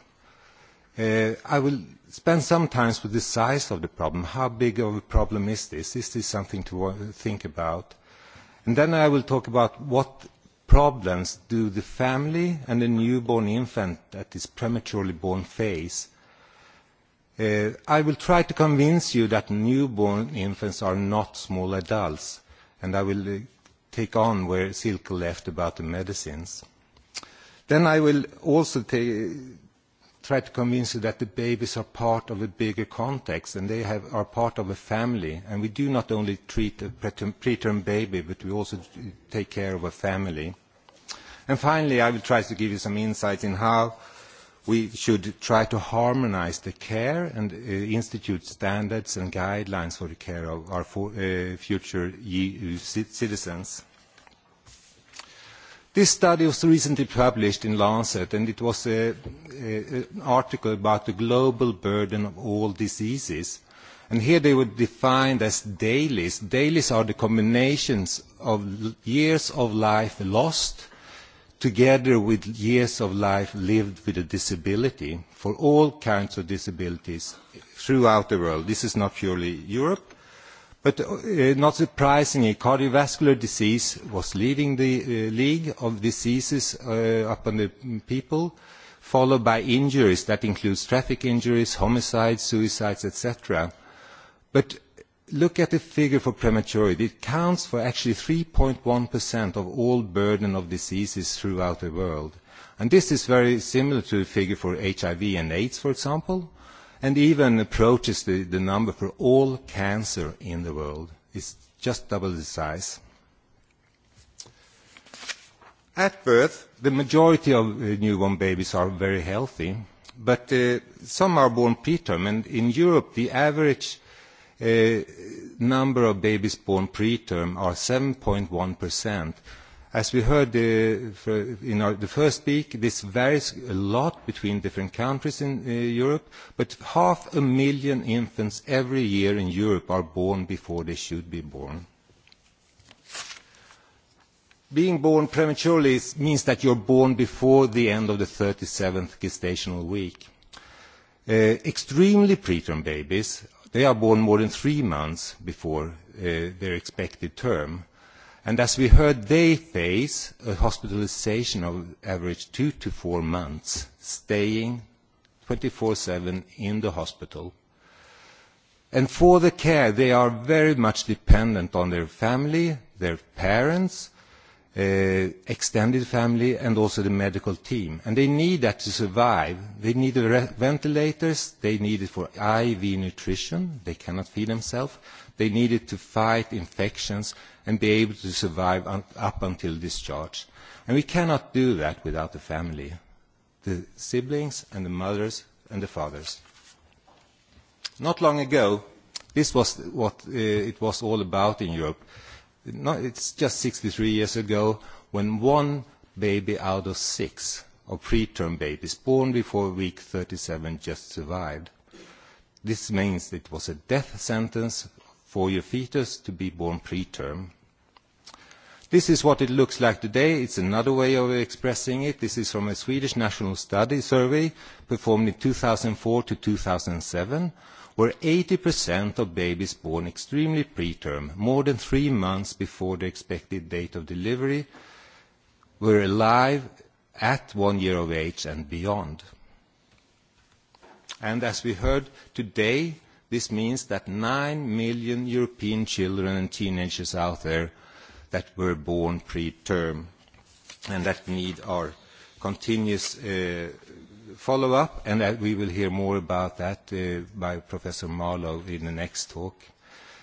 I will spend some time with the size of the problem. How big of a problem is this? Is this something to think about? And then I will talk about what problems do the family and the newborn infant at this prematurely born face. I will try to convince you that newborn infants are not small adults, and I will take on where Silke left about the medicines. Then I will also try to convince you that the babies are part of a bigger context and they are part of a family. And we do not only treat a preterm baby, but we also take care of a family. And finally, I will try to give you some insights in how we should try to harmonise the care and institute standards and guidelines for the care of our future EU citizens. This study was recently published in Lancet, and it was an article about the global burden of all diseases. And here they were defined as dailies. Dailies are the combinations of years of life lost together with years of life lived with a disability for all kinds of disabilities throughout the world. This is not purely Europe But not surprisingly, cardiovascular disease was leading the league of diseases upon the people, followed by injuries. That includes traffic injuries, homicides, suicides, etc. But look at the figure for prematurity. It counts for actually 3.1% of all burden of diseases throughout the world. And this is very similar to the figure for HIV and AIDS, for example and even approaches the number for all cancer in the world. is just double the size. At birth, the majority of newborn babies are very healthy, but some are born preterm, and in Europe the average number of babies born preterm are 7.1%. As we heard in the first speak, this varies a lot between different countries in Europe, but half a million infants every year in Europe are born before they should be born. Being born prematurely means that you're born before the end of the 37th gestational week. Extremely preterm babies, they are born more than three months before their expected term And as we heard, they face a hospitalization of average two to four months, staying 24/7 in the hospital. And for the care, they are very much dependent on their family, their parents, extended family, and also the medical team. And they need that to survive. They need ventilators. They need it for IV nutrition. They cannot feed themselves They needed to fight infections and be able to survive up until discharge. And we cannot do that without the family, the siblings and the mothers and the fathers. Not long ago, this was what it was all about in Europe. It's just 63 years ago when one baby out of six of preterm babies born before week 37 just survived. This means it was a death sentence for your fetus to be born preterm. This is what it looks like today. It's another way of expressing it. This is from a Swedish national study survey performed in 2004 to 2007, where 80% of babies born extremely preterm, more than three months before the expected date of delivery, were alive at one year of age and beyond. And as we heard today, This means that 9 million European children and teenagers out there that were born preterm and that need our continuous follow-up, and that we will hear more about that by Professor Marlowe in the next talk.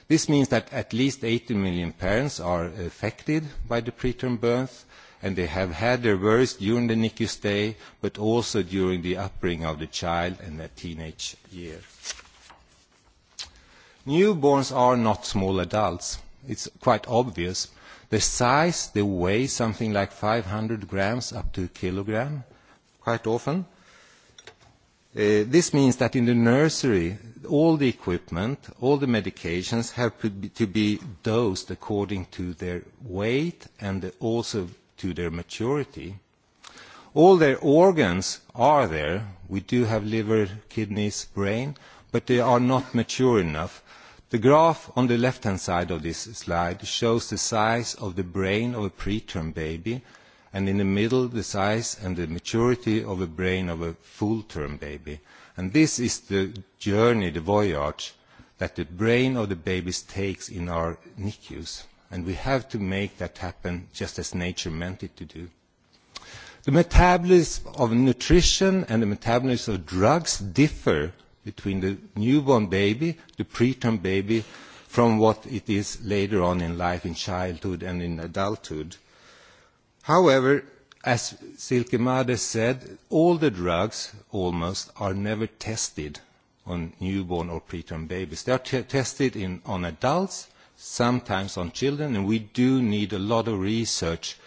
This means that at least 80 million parents are affected by the preterm birth, and they have had their worst during the NICU stay, but also during the upbringing of the child and their teenage year. Newborns are not small adults. It's quite obvious. The size, they weigh something like 500 grams up to a kilogram, quite often. This means that in the nursery, all the equipment, all the medications have to be dosed according to their weight and also to their maturity. All their organs are there. We do have liver, kidneys, brain, but they are not mature enough The graph on the left-hand side of this slide shows the size of the brain of a preterm baby, and in the middle the size and the maturity of the brain of a full-term baby. And this is the journey, the voyage, that the brain of the babies takes in our NICUs. And we have to make that happen just as nature meant it to do. The metabolism of nutrition and the metabolism of drugs differ between the newborn baby, the preterm baby, from what it is later on in life, in childhood and in adulthood. However, as Silke Made said, all the drugs almost are never tested on newborn or preterm babies. They are tested on adults, sometimes on children, and we do need a lot of research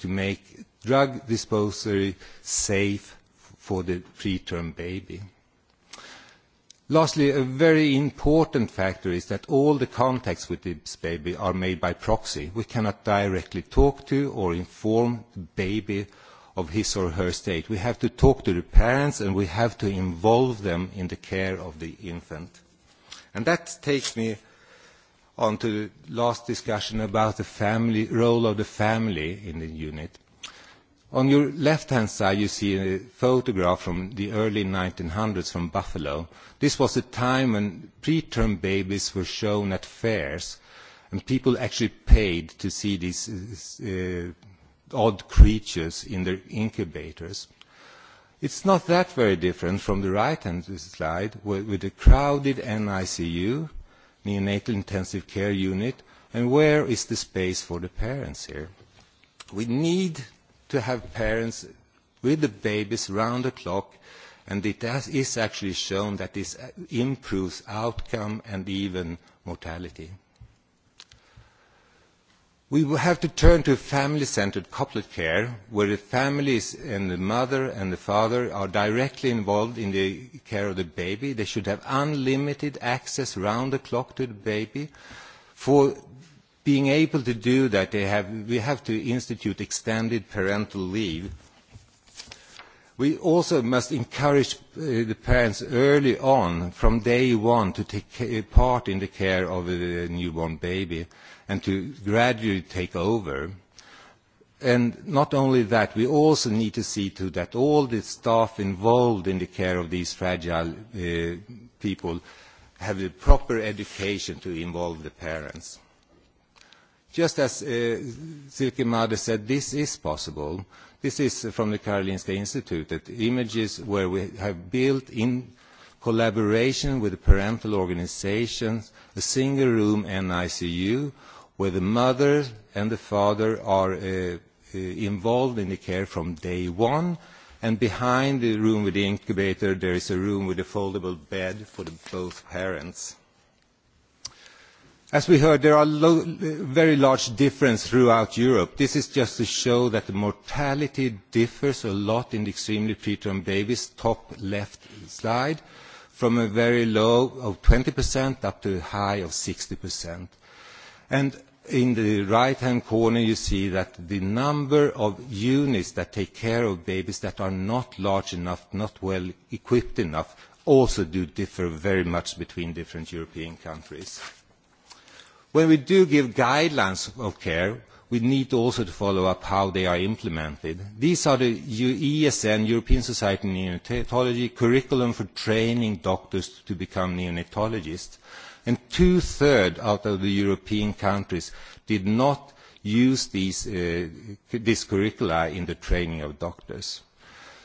to make drug disposal safe for the preterm baby. Lastly, a very important factor is that all the contacts with this baby are made by proxy. We cannot directly talk to or inform the baby of his or her state. We have to talk to the parents and we have to involve them in the care of the infant. And that takes me on to the last discussion about the role of the family in the unit. On your left-hand side, you see a photograph from the early 1900s from Buffalo. This was a time when preterm babies were shown at fairs, and people actually paid to see these odd creatures in their incubators. It's not that very different from the right-hand slide, with a crowded NICU, neonatal intensive care unit, and where is the space for the parents here? We need to have parents with the babies round the clock, and it is actually shown that this improves outcome and even mortality. We will have to turn to family-centered couplet care, where the families and the mother and the father are directly involved in the care of the baby. They should have unlimited access round the clock to the baby. For being able to do that, we have to institute extended parental leave. We also must encourage the parents early on, from day one, to take part in the care of a newborn baby and to gradually take over. And not only that, we also need to see to that all the staff involved in the care of these fragile people have the proper education to involve the parents. Just as Silke Mader said, this is possible. This is from the Karolinska Institute, images where we have built in collaboration with the parental organizations a single room NICU where the mother and the father are involved in the care from day one and behind the room with the incubator there is a room with a foldable bed for both parents. As we heard, there are very large differences throughout Europe. This is just to show that the mortality differs a lot in the extremely preterm babies, top left slide, from a very low of 20% up to a high of 60%. And in the right-hand corner, you see that the number of units that take care of babies that are not large enough, not well equipped enough, also do differ very much between different European countries. When we do give guidelines of care, we need also to follow up how they are implemented. These are the ESN, European Society of Neonatology, curriculum for training doctors to become neonatologists. And two-thirds out of the European countries did not use these curricula in the training of doctors.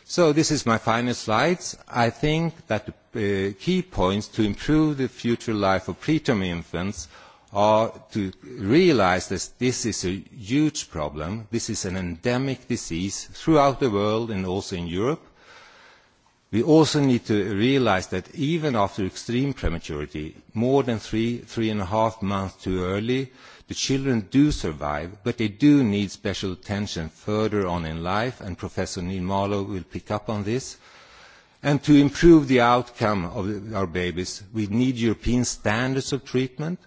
So this is my final slides. I think that the key points to improve the future life of preterm infants are to realise that this is a huge problem. This is an endemic disease throughout the world and also in Europe. We also need to realise that even after extreme prematurity, more than three, three and a half months too early, the children do survive, but they do need special attention further on in life, and Professor Neil Marlowe will pick up on this. And to improve the outcome of our babies, we need European standards of treatment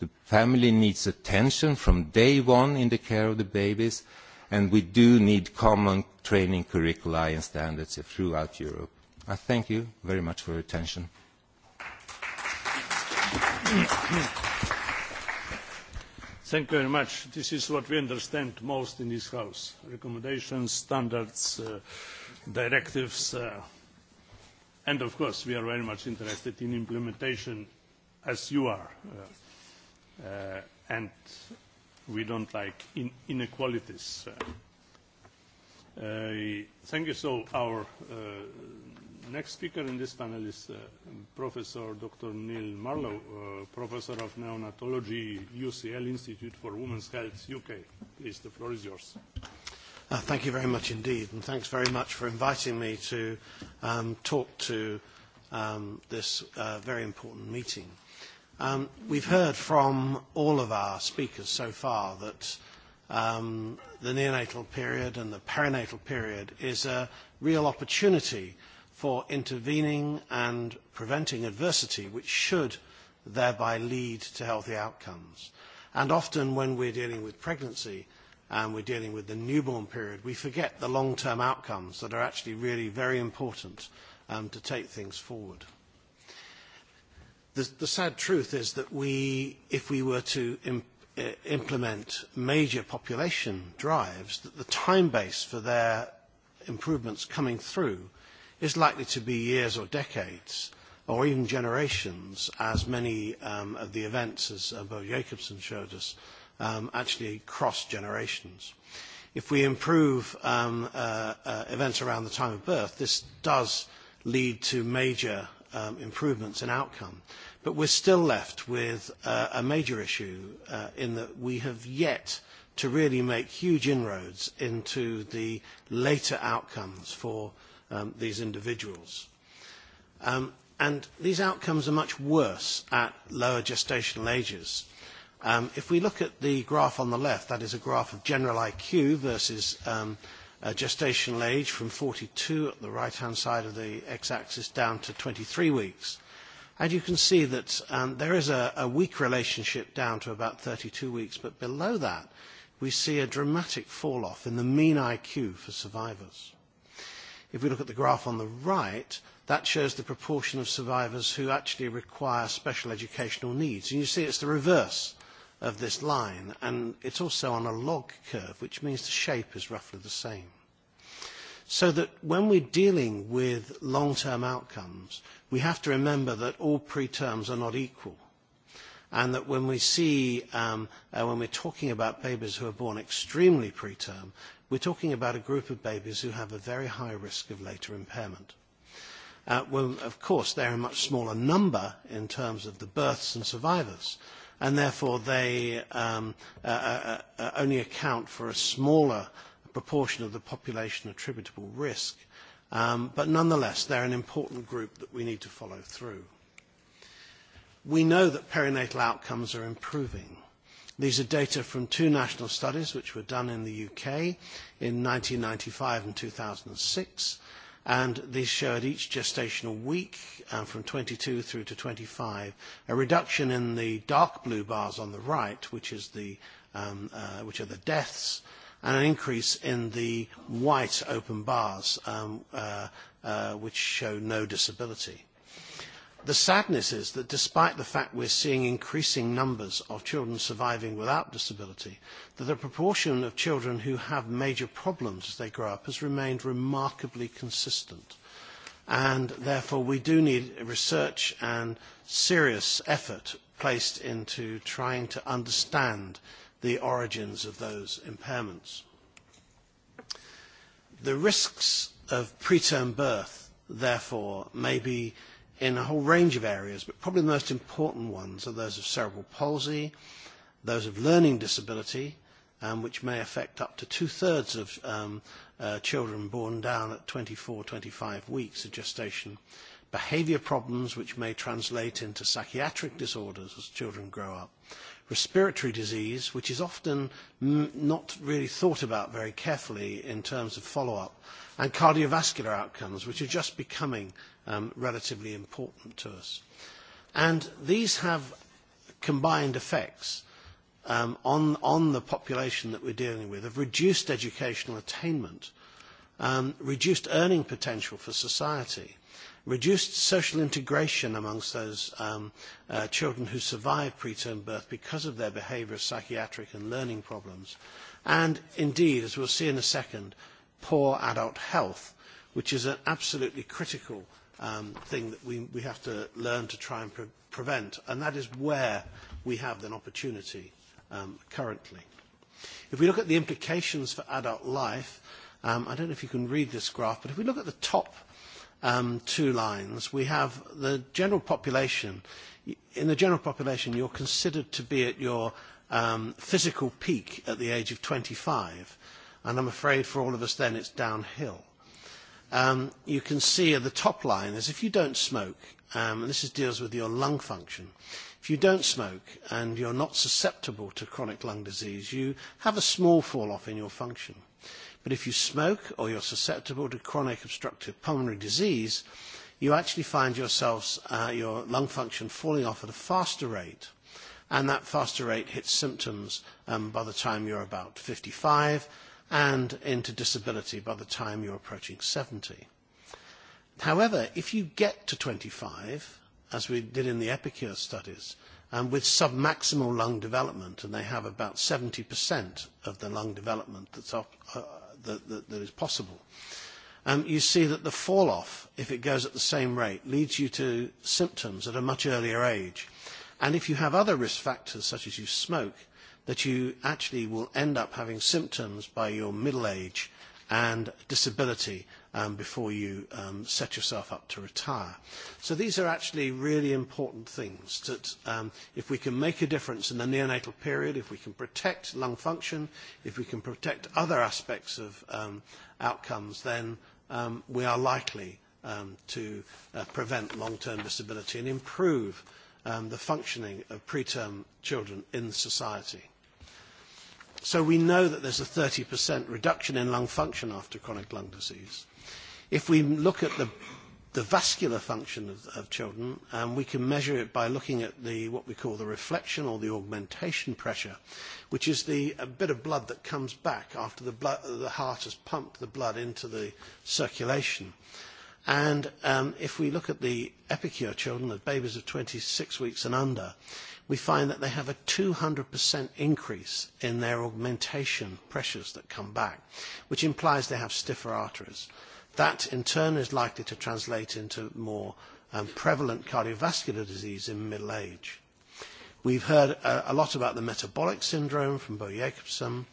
The family needs attention from day one in the care of the babies, and we do need common training curricula and standards throughout Europe. I thank you very much for your attention. Thank you very much. This is what we understand most in this House. Recommendations, standards, directives, and of course we are very much interested in implementation as you are and we don't like inequalities. Thank you. So our next speaker in this panel is Professor Dr. Neil Marlowe, Professor of Neonatology, UCL Institute for Women's Health, UK. Please, the floor is yours. Thank you very much indeed, and thanks very much for inviting me to talk to this very important meeting. We've heard from all of our speakers so far that the neonatal period and the perinatal period is a real opportunity for intervening and preventing adversity, which should thereby lead to healthy outcomes. And often when we're dealing with pregnancy and we're dealing with the newborn period, we forget the long-term outcomes that are actually really very important to take things forward. The sad truth is that we, if we were to implement major population drives, that the time base for their improvements coming through is likely to be years or decades or even generations, as many of the events, as Bo Jacobson showed us, actually cross generations. If we improve events around the time of birth, this does lead to major improvements in outcome. But we're still left with a major issue in that we have yet to really make huge inroads into the later outcomes for these individuals. And these outcomes are much worse at lower gestational ages. If we look at the graph on the left, that is a graph of general IQ versus gestational age from 42 at the right-hand side of the x-axis down to 23 weeks. And you can see that there is a weak relationship down to about 32 weeks, but below that we see a dramatic fall-off in the mean IQ for survivors. If we look at the graph on the right, that shows the proportion of survivors who actually require special educational needs. And you see it's the reverse of this line, and it's also on a log curve, which means the shape is roughly the same so that when we're dealing with long-term outcomes, we have to remember that all preterms are not equal, and that when we see, when we're talking about babies who are born extremely preterm, we're talking about a group of babies who have a very high risk of later impairment. of course, they're a much smaller number in terms of the births and survivors, and therefore they only account for a smaller proportion of the population attributable risk. But nonetheless, they're an important group that we need to follow through. We know that perinatal outcomes are improving. These are data from two national studies which were done in the UK in 1995 and 2006, and these showed each gestational week from 22 through to 25 a reduction in the dark blue bars on the right, which is the which are the deaths, and an increase in the white open bars, which show no disability. The sadness is that despite the fact we're seeing increasing numbers of children surviving without disability, that the proportion of children who have major problems as they grow up has remained remarkably consistent. And therefore we do need research and serious effort placed into trying to understand the origins of those impairments. The risks of preterm birth, therefore, may be in a whole range of areas, but probably the most important ones are those of cerebral palsy, those of learning disability, which may affect up to two-thirds of children born down at 24, 25 weeks of gestation, behaviour problems which may translate into psychiatric disorders as children grow up, respiratory disease, which is often not really thought about very carefully in terms of follow-up, and cardiovascular outcomes, which are just becoming relatively important to us. And these have combined effects on the population that we're dealing with, of reduced educational attainment, reduced earning potential for society, reduced social integration amongst those children who survive preterm birth because of their behaviour psychiatric and learning problems, and indeed, as we'll see in a second, poor adult health, which is an absolutely critical thing that we we have to learn to try and prevent, and that is where we have an opportunity currently. If we look at the implications for adult life, I don't know if you can read this graph, but if we look at the top two lines. We have the general population. In the general population, you're considered to be at your physical peak at the age of 25, and I'm afraid for all of us then it's downhill. You can see at the top line is if you don't smoke, and this deals with your lung function, if you don't smoke and you're not susceptible to chronic lung disease, you have a small fall off in your function. But if you smoke or you're susceptible to chronic obstructive pulmonary disease, you actually find yourselves, your lung function falling off at a faster rate. And that faster rate hits symptoms by the time you're about 55 and into disability by the time you're approaching 70. However, if you get to 25, as we did in the Epicure studies, with submaximal lung development, and they have about 70% of the lung development that's that is possible. You see that the fall-off, if it goes at the same rate, leads you to symptoms at a much earlier age. And if you have other risk factors, such as you smoke, that you actually will end up having symptoms by your middle age and disability before you set yourself up to retire. So these are actually really important things that if we can make a difference in the neonatal period, if we can protect lung function, if we can protect other aspects of outcomes, then we are likely to prevent long-term disability and improve the functioning of preterm children in society. So we know that there's a 30% reduction in lung function after chronic lung disease. If we look at the the vascular function of children, and we can measure it by looking at the what we call the reflection or the augmentation pressure, which is the bit of blood that comes back after the heart has pumped the blood into the circulation. And if we look at the epicure children, the babies of 26 weeks and under, we find that they have a 200% increase in their augmentation pressures that come back, which implies they have stiffer arteries. That, in turn, is likely to translate into more prevalent cardiovascular disease in middle age. We've heard a lot about the metabolic syndrome from Bo Jacobson,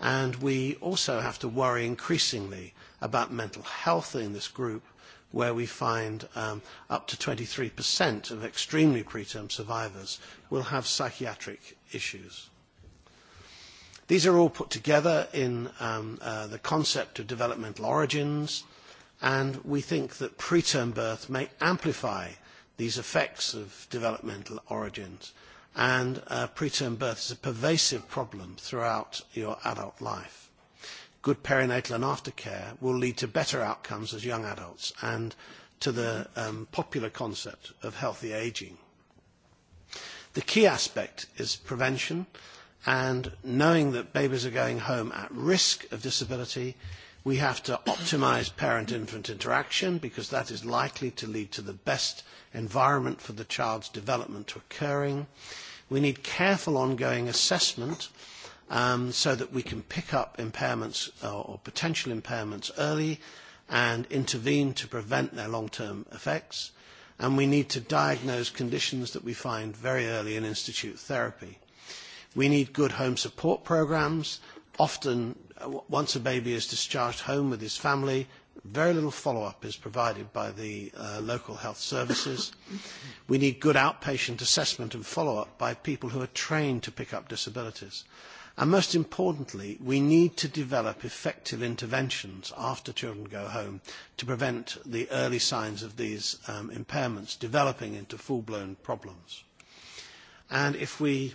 and we also have to worry increasingly about mental health in this group, where we find up to 23% of extremely preterm survivors will have psychiatric issues. These are all put together in the concept of developmental origins, and we think that preterm birth may amplify these effects of developmental origins and preterm birth is a pervasive problem throughout your adult life. Good perinatal and aftercare will lead to better outcomes as young adults and to the popular concept of healthy aging. The key aspect is prevention and knowing that babies are going home at risk of disability We have to optimise parent-infant interaction because that is likely to lead to the best environment for the child's development to occurring. We need careful ongoing assessment so that we can pick up impairments or potential impairments early and intervene to prevent their long-term effects. And we need to diagnose conditions that we find very early in institute therapy. We need good home support programmes, often once a baby is discharged home with his family, very little follow-up is provided by the local health services. We need good outpatient assessment and follow-up by people who are trained to pick up disabilities. And most importantly, we need to develop effective interventions after children go home to prevent the early signs of these impairments developing into full-blown problems. And if we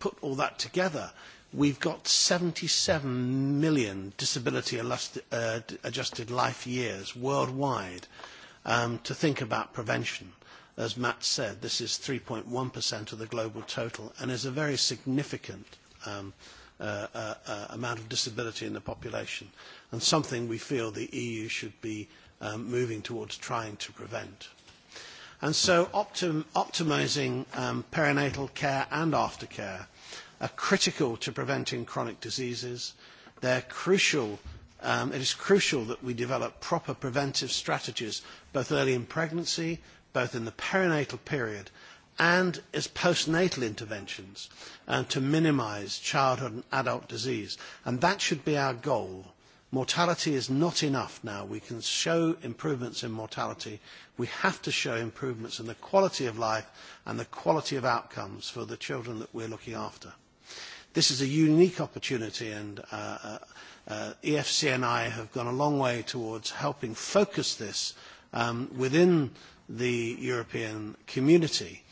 put all that together, We've got 77 million disability-adjusted life years worldwide to think about prevention. As Matt said, this is 3.1% of the global total and is a very significant amount of disability in the population and something we feel the EU should be moving towards trying to prevent. And so optimising perinatal care and aftercare are critical to preventing chronic diseases. They're crucial. It is crucial that we develop proper preventive strategies, both early in pregnancy, both in the perinatal period, and as postnatal interventions to minimize childhood and adult disease. And that should be our goal. Mortality is not enough now. We can show improvements in mortality. We have to show improvements in the quality of life and the quality of outcomes for the children that we're looking after. This is a unique opportunity, and EFC and I have gone a long way towards helping focus this within the European community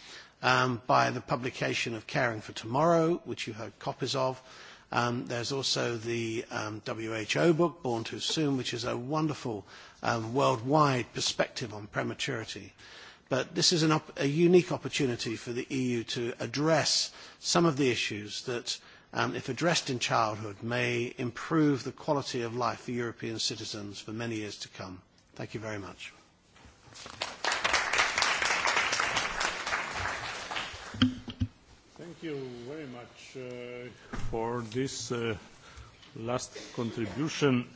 by the publication of Caring for Tomorrow, which you heard copies of. There's also the WHO book, Born Too Soon, which is a wonderful worldwide perspective on prematurity. But this is a unique opportunity for the EU to address some of the issues that if addressed in childhood, may improve the quality of life for European citizens for many years to come. Thank you very much. Thank you very much for this last contribution.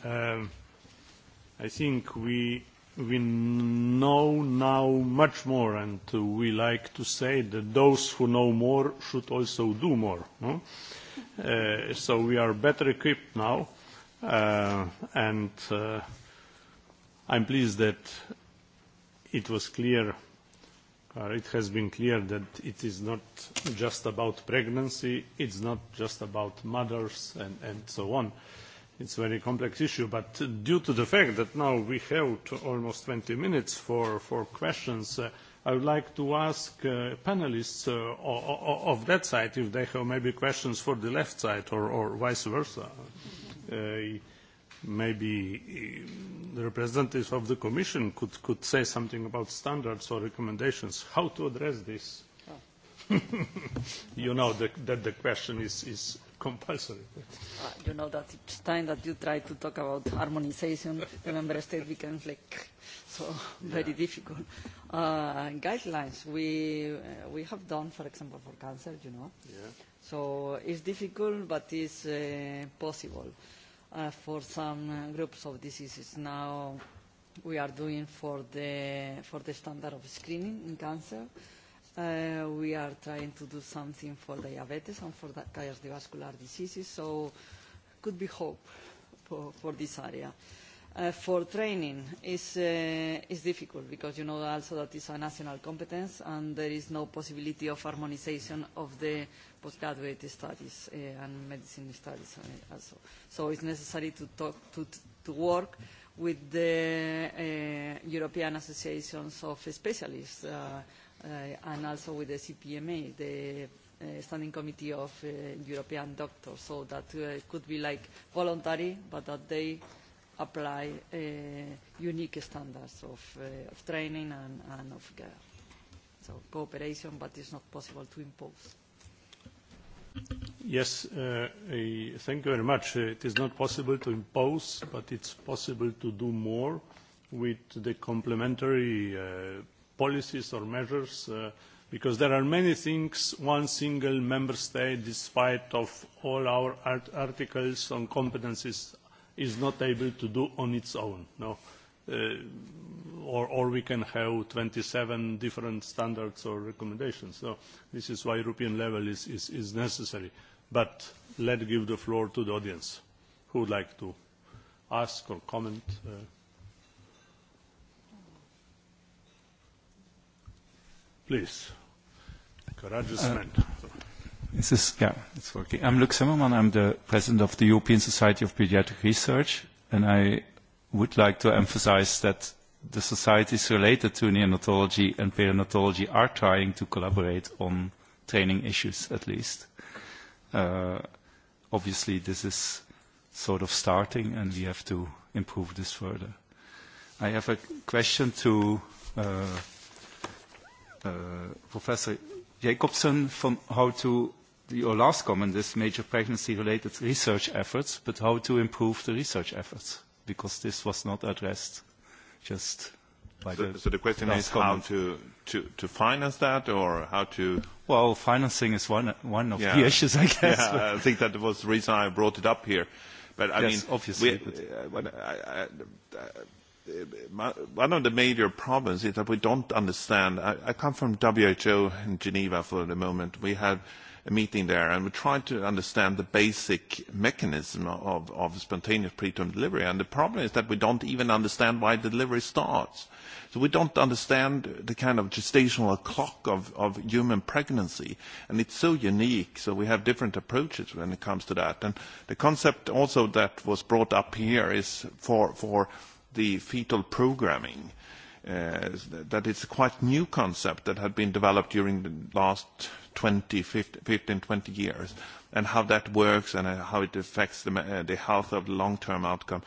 I think we we know now much more, and we like to say that those who know more should also do more so we are better equipped now and I'm pleased that it was clear it has been clear that it is not just about pregnancy it's not just about mothers and and so on it's a very complex issue but due to the fact that now we have almost 20 minutes for for questions I would like to ask panelists of that side if they have maybe questions for the left side or vice versa. Maybe the representatives of the Commission could say something about standards or recommendations, how to address this. You know that the question is compulsory. You know that each time that you try to talk about harmonisation, the member state becomes like so very difficult guidelines we we have done, for example, for cancer, you know. So it's difficult, but it's possible. For some groups of diseases now, we are doing for the for the standard of screening in cancer. We are trying to do something for diabetes and for cardiovascular diseases. So, could be hope for for this area for training is difficult because you know also that is a national competence and there is no possibility of harmonization of the postgraduate studies and medicine studies also. So it's necessary to to work with the European associations of specialists and also with the CPMA, the Standing Committee of European Doctors, so that it could be like voluntary, but that they apply unique standards of training and of cooperation, but it's not possible to impose. Yes, thank you very much. It is not possible to impose, but it's possible to do more with the complementary policies or measures, because there are many things one single member state, despite of all our articles on competences, is not able to do on its own. Or we can have 27 different standards or recommendations. So this is why European level is is necessary. But let's give the floor to the audience who would like to ask or comment. Please. Courageous This is, yeah, it's working. I'm Luc Zimmermann. I'm the president of the European Society of Pediatric Research, and I would like to emphasize that the societies related to neonatology and perinatology are trying to collaborate on training issues, at least. Obviously, this is sort of starting, and we have to improve this further. I have a question to uh uh Professor Jacobson from how to your last comment is major pregnancy-related research efforts, but how to improve the research efforts, because this was not addressed just by the So the question is how to finance that, or how to... Well, financing is one of the issues, I guess. Yeah, I think that was the reason I brought it up here. But I mean, obviously one of the major problems is that we don't understand. I come from WHO in Geneva for the moment. We had a meeting there, and we tried to understand the basic mechanism of spontaneous preterm delivery. And the problem is that we don't even understand why delivery starts. So we don't understand the kind of gestational clock of human pregnancy, and it's so unique. So we have different approaches when it comes to that. And the concept also that was brought up here is for the fetal programming, that it's a quite new concept that had been developed during the last 20, 15, 20 years, and how that works and how it affects the health of the long-term outcome.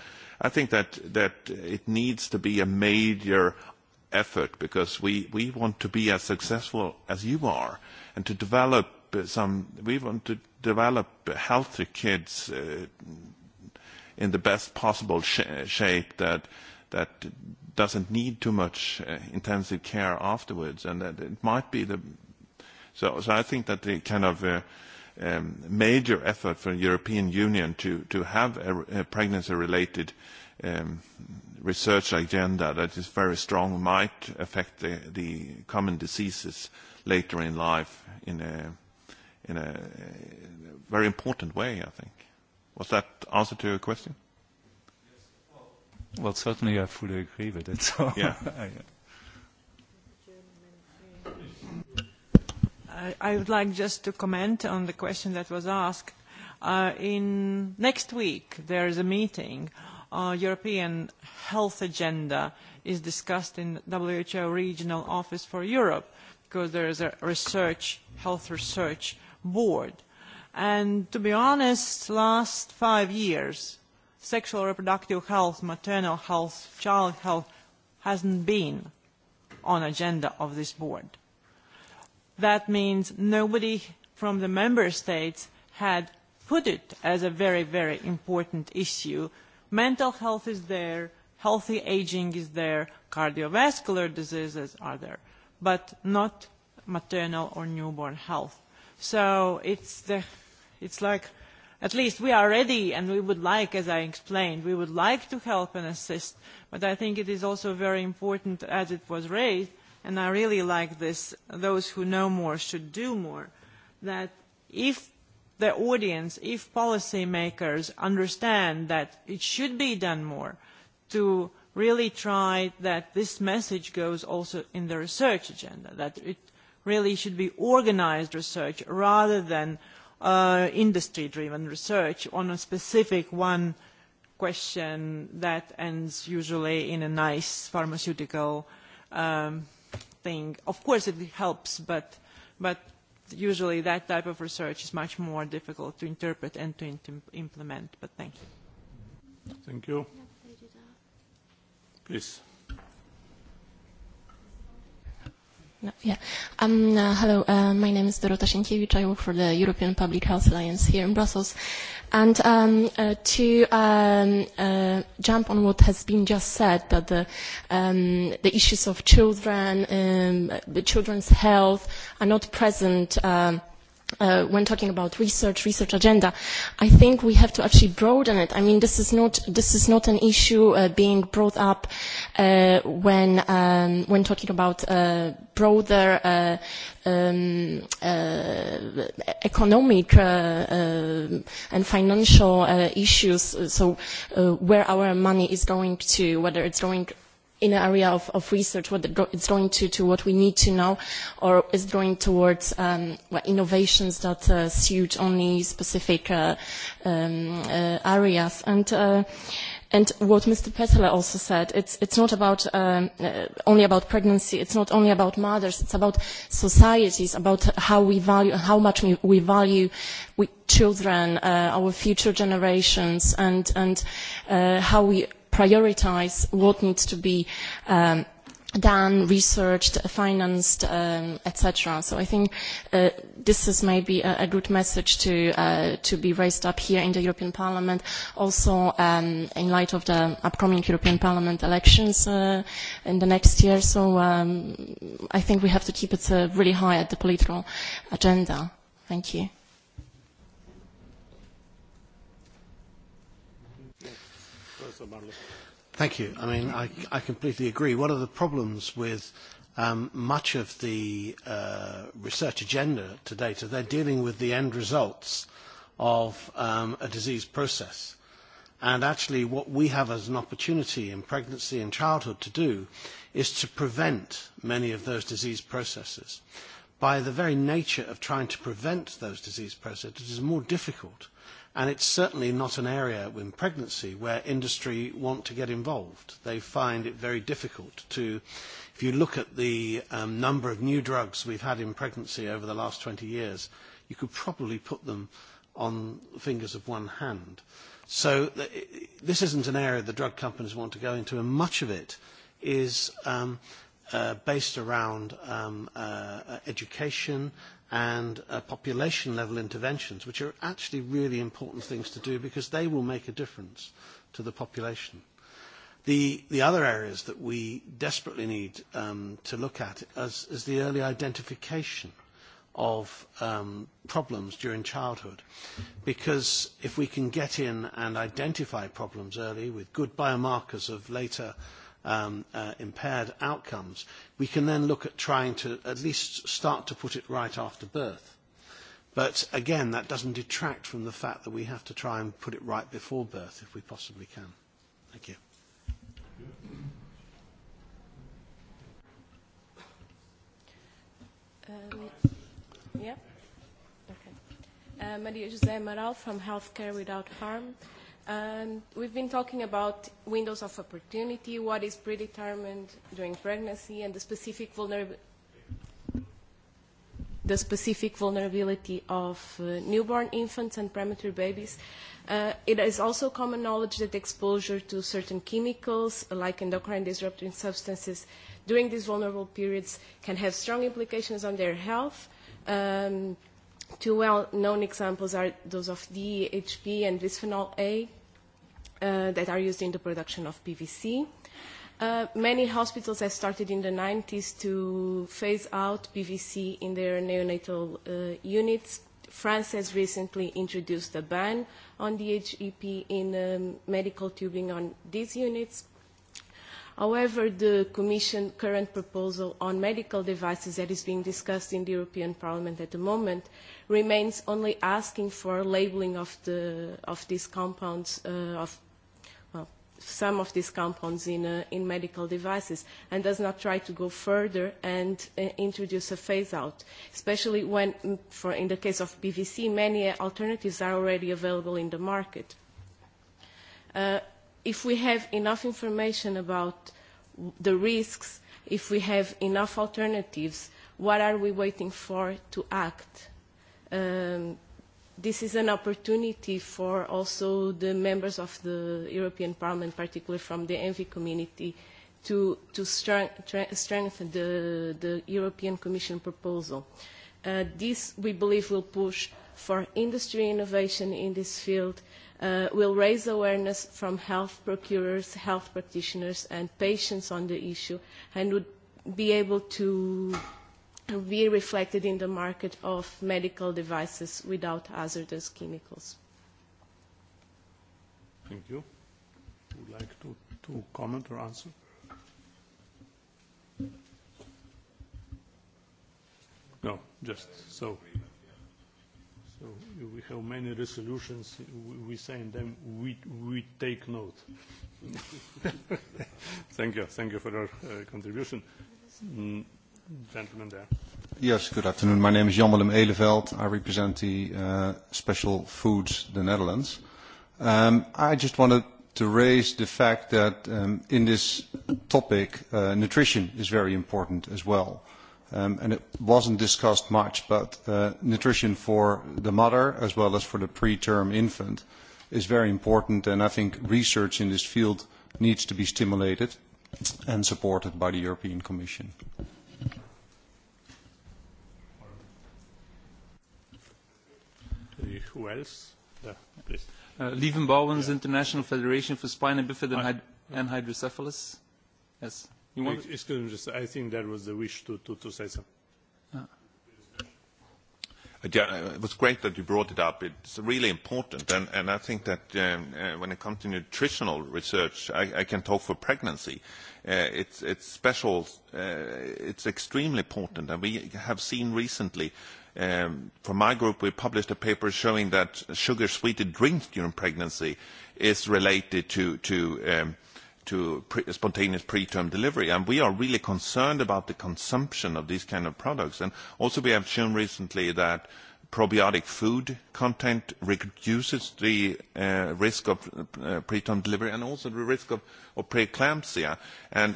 I think that that it needs to be a major effort because we want to be as successful as you are and to develop some, we want to develop healthy kids in the best possible shape that that doesn't need too much intensive care afterwards. And that it might be the... So I think that the kind of major effort for the European Union to to have a pregnancy-related research agenda that is very strong might affect the the common diseases later in life in a in a very important way, I think. Was that answer to your question? Well, certainly I fully agree with it. I would like just to comment on the question that was asked. In next week there is a meeting. European health agenda is discussed in WHO Regional Office for Europe because there is a research, health research board And to be honest, last five years, sexual reproductive health, maternal health, child health hasn't been on agenda of this board. That means nobody from the member states had put it as a very, very important issue. Mental health is there, healthy aging is there, cardiovascular diseases are there, but not maternal or newborn health. So it's the It's like at least we are ready and we would like, as I explained, we would like to help and assist. But I think it is also very important, as it was raised, and I really like this, those who know more should do more, that if the audience, if policymakers understand that it should be done more to really try that this message goes also in the research agenda, that it really should be organised research rather than industry-driven research on a specific one question that ends usually in a nice pharmaceutical thing. Of course, it helps, but usually that type of research is much more difficult to interpret and to implement. But thank you. Thank you. Please. Yeah. Hello, my name is Dorota Sienkiewicz. I work for the European Public Health Alliance here in Brussels. And to jump on what has been just said, that the issues of children, the children's health are not present when talking about research, research agenda, I think we have to actually broaden it. I mean, this is not this is not an issue being brought up when when talking about broader economic and financial issues. So where our money is going to, whether it's going in an area of research, what it's going to what we need to know or is going towards innovations that suit only specific areas. And what Mr. Petzler also said, it's not about only about pregnancy, it's not only about mothers, it's about societies, about how we value, how much we value children, our future generations, and how we prioritise what needs to be done, researched, financed, etc. So I think this is maybe a good message to to be raised up here in the European Parliament, also in light of the upcoming European Parliament elections in the next year. So I think we have to keep it really high at the political agenda. Thank you. Thank you. I mean, I, I completely agree. One of the problems with much of the research agenda to data, they're dealing with the end results of a disease process. And actually what we have as an opportunity in pregnancy and childhood to do is to prevent many of those disease processes. By the very nature of trying to prevent those disease processes, it is more difficult And it's certainly not an area in pregnancy where industry want to get involved. They find it very difficult to, if you look at the number of new drugs we've had in pregnancy over the last 20 years, you could probably put them on the fingers of one hand. So this isn't an area the drug companies want to go into, and much of it is based around education and population level interventions, which are actually really important things to do because they will make a difference to the population. The other areas that we desperately need to look at is the early identification of problems during childhood, because if we can get in and identify problems early with good biomarkers of later impaired outcomes, we can then look at trying to at least start to put it right after birth. But again, that doesn't detract from the fact that we have to try and put it right before birth if we possibly can. Thank you. Okay. Maria José Amaral from Healthcare Without Harm. And we've been talking about windows of opportunity, what is predetermined during pregnancy, and the specific the specific vulnerability of newborn infants and premature babies. It is also common knowledge that exposure to certain chemicals, like endocrine disrupting substances, during these vulnerable periods can have strong implications on their health Two well-known examples are those of DHP and bisphenol A that are used in the production of PVC. Many hospitals have started in the 90s to phase out PVC in their neonatal units. France has recently introduced a ban on DHEP in medical tubing on these units. However, the Commission current proposal on medical devices that is being discussed in the European Parliament at the moment remains only asking for labelling of these compounds, of some of these compounds in medical devices and does not try to go further and introduce a phase-out, especially when, in the case of PVC, many alternatives are already available in the market if we have enough information about the risks, if we have enough alternatives, what are we waiting for to act? This is an opportunity for also the members of the European Parliament, particularly from the ENVI community, to strengthen the European Commission proposal. This, we believe, will push for industry innovation in this field will raise awareness from health procurers, health practitioners and patients on the issue and would be able to be reflected in the market of medical devices without hazardous chemicals. Thank you. Would like to, to comment or answer? No, just so. We have many resolutions. We send them. We take note. Thank you. Thank you for your contribution. Gentleman there. Yes, good afternoon. My name is Jan Willem Eleveld. I represent the Special Foods, the Netherlands. I just wanted to raise the fact that in this topic, nutrition is very important as well and it wasn't discussed much, but nutrition for the mother as well as for the preterm infant is very important, and I think research in this field needs to be stimulated and supported by the European Commission. International Federation for and Hydrocephalus. Excuse me, I think that was the wish to, to, to say something. Yeah, it was great that you brought it up. It's really important, and, and I think that when it comes to nutritional research, I, I can talk for pregnancy. it's, it's special, it's extremely important, and we have seen recently um, my group, we published a paper showing that sugar-sweetened drinks during pregnancy is related to, to to spontaneous preterm delivery. And we are really concerned about the consumption of these kind of products. And also we have shown recently that probiotic food content reduces the risk of preterm delivery and also the risk of preeclampsia. And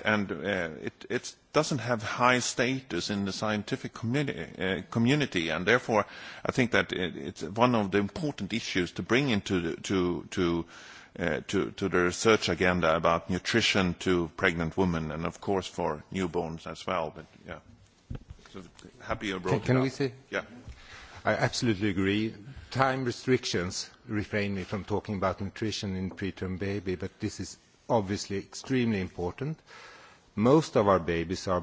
it doesn't have high status in the scientific community. And therefore, I think that it's one of the important issues to bring into to to the research agenda about nutrition to pregnant women and of course for newborns as well. But yeah, so happy you Can we say? Yeah, I absolutely agree. Time restrictions refrain me from talking about nutrition in preterm baby, but this is obviously extremely important. Most of our babies are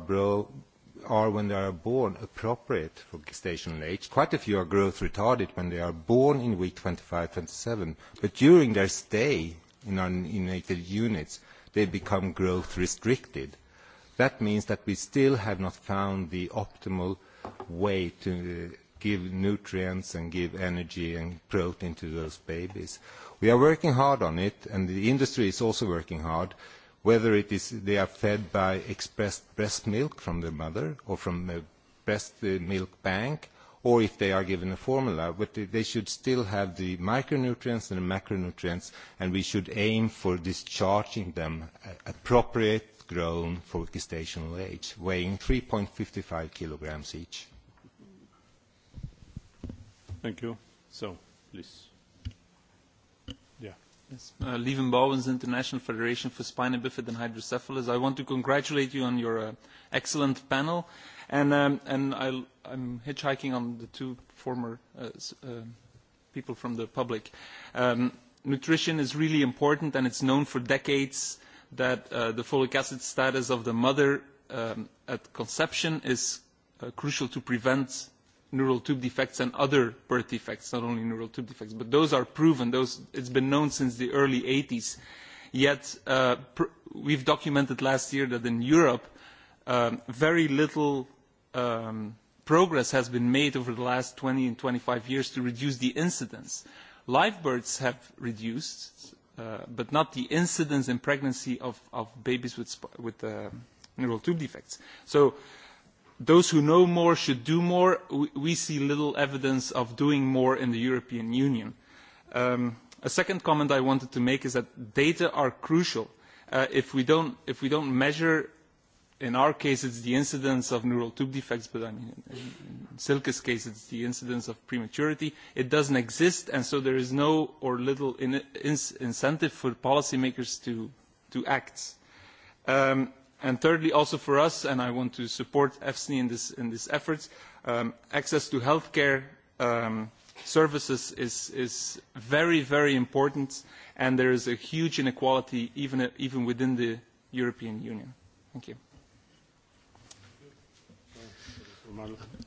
are when they are born appropriate for gestational age. Quite a few are growth retarded when they are born in week 25, 27, but during their stay in our neonatal units, they become growth restricted. That means that we still have not found the optimal way to give nutrients and give energy and protein to those babies. We are working hard on it, and the industry is also working hard whether it is they are fed by expressed breast milk from their mother or from a breast milk bank, or if they are given a formula, but they should still have the micronutrients and the macronutrients, and we should aim for discharging them appropriate grown for gestational age, weighing 3.55 kilograms each. Thank you. So, please. Lieven Bowens, International Federation for Spina Bifida and Hydrocephalus. I want to congratulate you on your excellent panel. And I'm hitchhiking on the two former people from the public. Nutrition is really important, and it's known for decades that the folic acid status of the mother at conception is crucial to prevent neural tube defects and other birth defects, not only neural tube defects, but those are proven. Those, it's been known since the early 80s. Yet we've documented last year that in Europe very little progress has been made over the last 20 and 25 years to reduce the incidence. Live births have reduced, but not the incidence in pregnancy of babies with neural tube defects. So Those who know more should do more. We see little evidence of doing more in the European Union. A second comment I wanted to make is that data are crucial. If we don't measure, in our case it's the incidence of neural tube defects, but in Silke's case it's the incidence of prematurity, it doesn't exist, and so there is no or little incentive for policymakers to act. And thirdly, also for us, and I want to support EFSNI in this effort, access to healthcare services is very, very important, and there is a huge inequality even within the European Union. Thank you.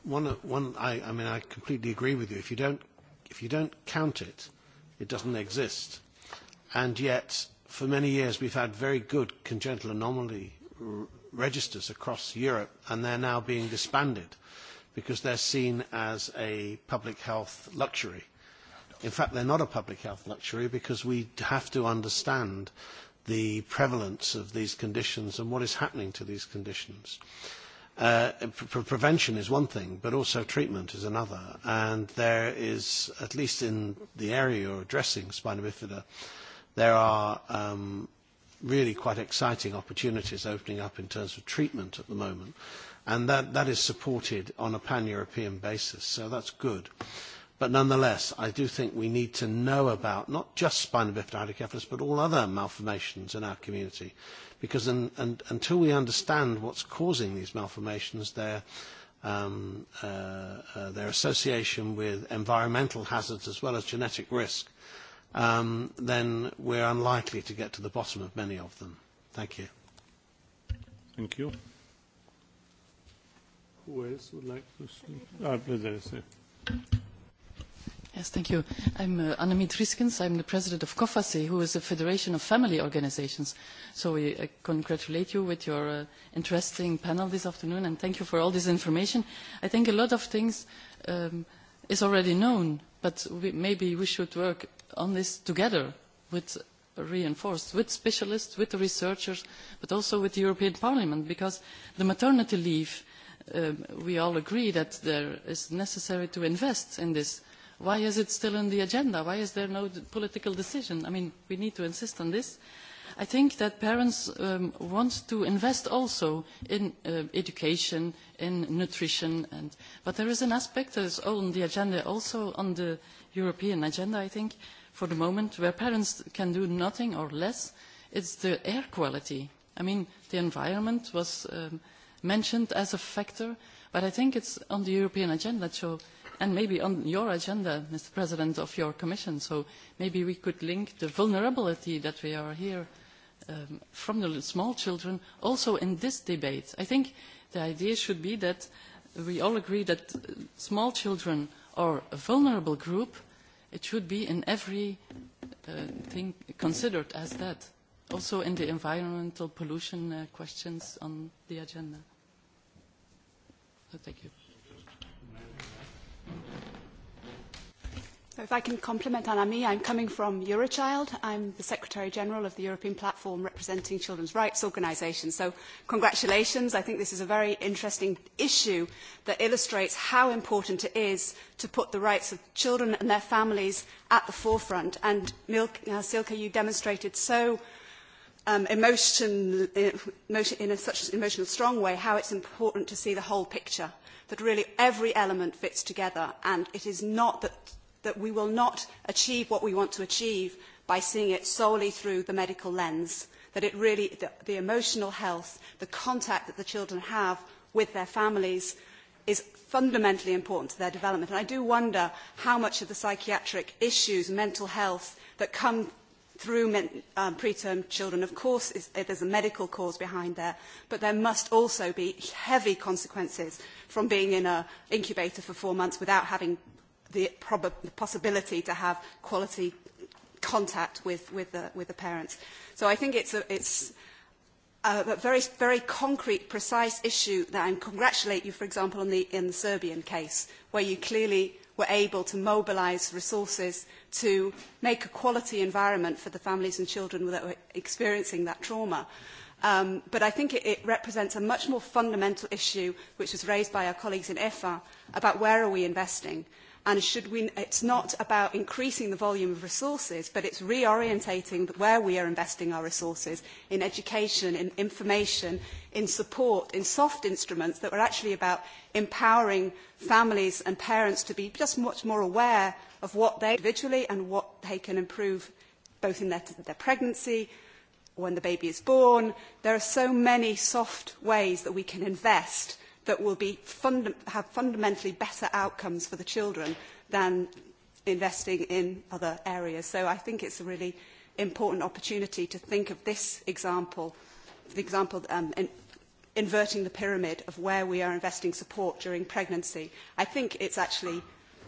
One, I mean, I completely agree with you. If you don't, if you don't count it, it doesn't exist. And yet, for many years, we've had very good congenital anomaly registers across Europe, and they're now being disbanded because they're seen as a public health luxury. In fact, they're not a public health luxury because we have to understand the prevalence of these conditions and what is happening to these conditions. Prevention is one thing, but also treatment is another. And there is, at least in the area you're addressing, spina bifida, there are really quite exciting opportunities opening up in terms of treatment at the moment, and that that is supported on a pan-European basis, so that's good. But nonetheless, I do think we need to know about not just spina bifida hydrocephalus, but all other malformations in our community, because until we understand what's causing these malformations, their their association with environmental hazards as well as genetic risk, then we're unlikely to get to the bottom of many of them. Thank you. Thank you. Who else would like to speak? Yes, thank you. I'm Annemie Riskens. I'm the president of COFASI, who is a federation of family organizations. So we congratulate you with your interesting panel this afternoon, and thank you for all this information. I think a lot of things is already known, but maybe we should work on this together with reinforced with specialists, with researchers, but also with the European Parliament, because the maternity leave, we all agree that there is necessary to invest in this. Why is it still on the agenda? Why is there no political decision? I mean, we need to insist on this. I think that parents want to invest also in education, in nutrition, but there is an aspect that is on the agenda, also on the European agenda, I think for the moment, where parents can do nothing or less, it's the air quality. I mean, the environment was mentioned as a factor, but I think it's on the European agenda, and maybe on your agenda, Mr. President, of your Commission. So maybe we could link the vulnerability that we are here from the small children also in this debate. I think the idea should be that we all agree that small children are a vulnerable group it should be in every thing considered as that, also in the environmental pollution questions on the agenda. thank you. If I can compliment Anami, I'm coming from Eurochild. I'm the Secretary General of the European Platform representing children's rights organisations. So congratulations. I think this is a very interesting issue that illustrates how important it is to put the rights of children and their families at the forefront. And Silke, you demonstrated so emotion in such an emotional strong way how it's important to see the whole picture, that really every element fits together. And it is not that that we will not achieve what we want to achieve by seeing it solely through the medical lens, that it really, the emotional health, the contact that the children have with their families is fundamentally important to their development. And I do wonder how much of the psychiatric issues, mental health, that come through preterm children, of course, there's a medical cause behind there, but there must also be heavy consequences from being in an incubator for four months without having the possibility to have quality contact with with the with the parents. So I think it's a very, very concrete, precise issue that I congratulate you, for example, on the in the Serbian case, where you clearly were able to mobilize resources to make a quality environment for the families and children that were experiencing that trauma. But I think it represents a much more fundamental issue, which was raised by our colleagues in EFA, about where are we investing and it's not about increasing the volume of resources, but it's reorientating where we are investing our resources in education, in information, in support, in soft instruments that are actually about empowering families and parents to be just much more aware of what they individually and what they can improve both in their pregnancy, when the baby is born. There are so many soft ways that we can invest that will have fundamentally better outcomes for the children than investing in other areas. So I think it's a really important opportunity to think of this example, the example inverting the pyramid of where we are investing support during pregnancy. I think it's actually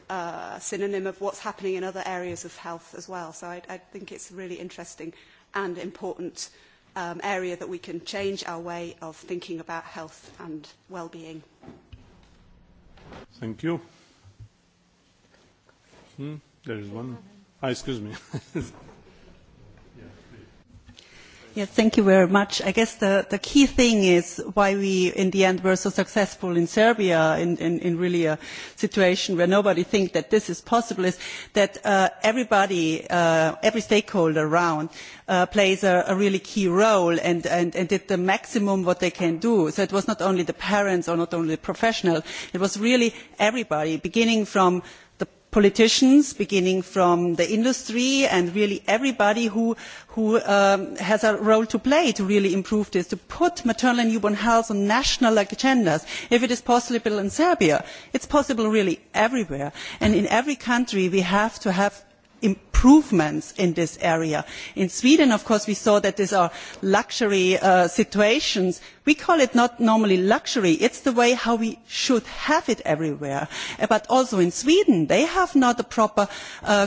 a synonym of what's happening in other areas of health as well. So I think it's really interesting and important area that we can change our way of thinking about health and well-being. Thank you. There is one. Excuse me thank you very much. I guess the key thing is why we, in the end, were so successful in Serbia, in really a situation where nobody thinks that this is possible, is that everybody, every stakeholder around, plays a really key role and did the maximum what they can do. So it was not only the parents or not only the professional, it was really everybody, beginning from politicians, beginning from the industry and really everybody who has a role to play to really improve this, to put maternal and newborn health on national agendas. If it is possible in Serbia, It is possible really everywhere. And in every country we have to have improvements in this area. In Sweden, of course, we saw that these are luxury situations We call it not normally luxury, it's the way how we should have it everywhere. But also in Sweden, they have not a proper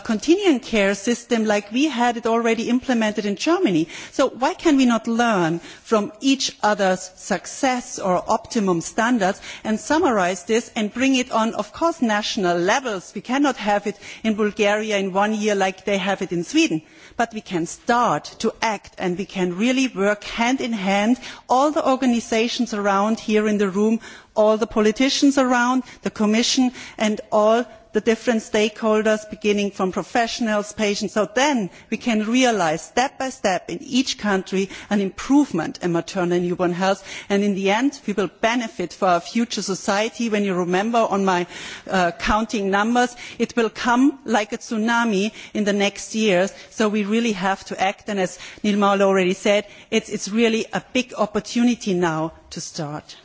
continuing care system like we had it already implemented in Germany. So why can we not learn from each other's success or optimum standards and summarise this and bring it on, of course, national levels? We cannot have it in Bulgaria in one year like they have it in Sweden but we can start to act and we can really work hand in hand all the organisations around here in the room all the politicians around the commission and all the different stakeholders beginning from professionals patients so then we can realise step by step in each country an improvement in maternal and newborn health and in the end we will benefit for our future society when you remember on my counting numbers it will come like a tsunami in the next years so we really have to act and as has already said it is really a big opportunity now to start.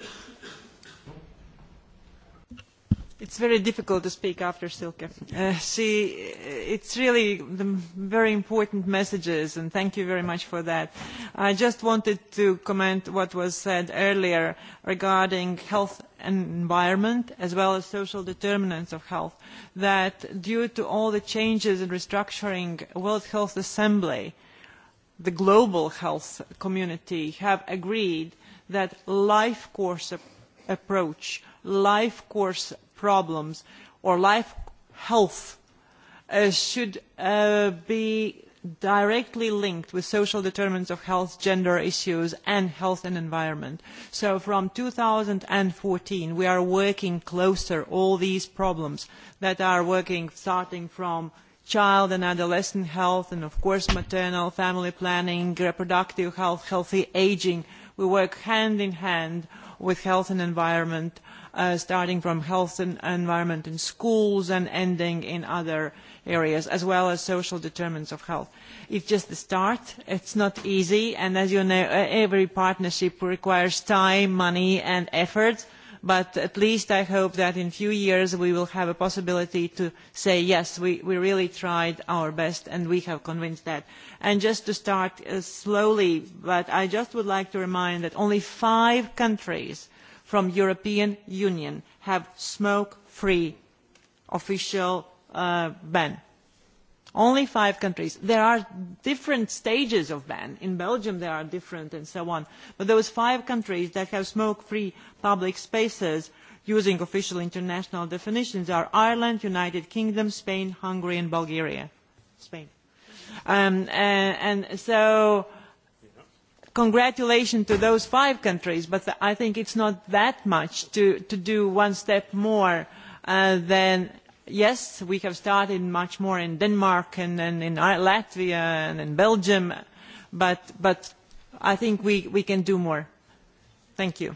It's very difficult to speak after Silke. See, it's really the very important messages, and thank you very much for that. I just wanted to comment what was said earlier regarding health and environment, as well as social determinants of health, that due to all the changes in restructuring, World Health Assembly, the global health community, have agreed that life course approach, life course problems or life health should be directly linked with social determinants of health, gender issues and health and environment. So from 2014 we are working closer all these problems that are working starting from child and adolescent health and of course maternal family planning, reproductive health, healthy aging. We work hand in hand with health and environment starting from health and environment in schools and ending in other areas, as well as social determinants of health. It's just the start. It's not easy, and as you know, every partnership requires time, money, and effort. But at least I hope that in a few years we will have a possibility to say, yes, we really tried our best and we have convinced that. And just to start slowly, but I just would like to remind that only five countries from European Union have smoke-free official ban. Only five countries. There are different stages of ban. In Belgium there are different and so on. But those five countries that have smoke-free public spaces using official international definitions are Ireland, United Kingdom, Spain, Hungary and Bulgaria. Spain. And so congratulations to those five countries, but I think it's not that much to do one step more than, yes, we have started much more in Denmark and in Latvia and in Belgium, but I think we can do more. Thank you.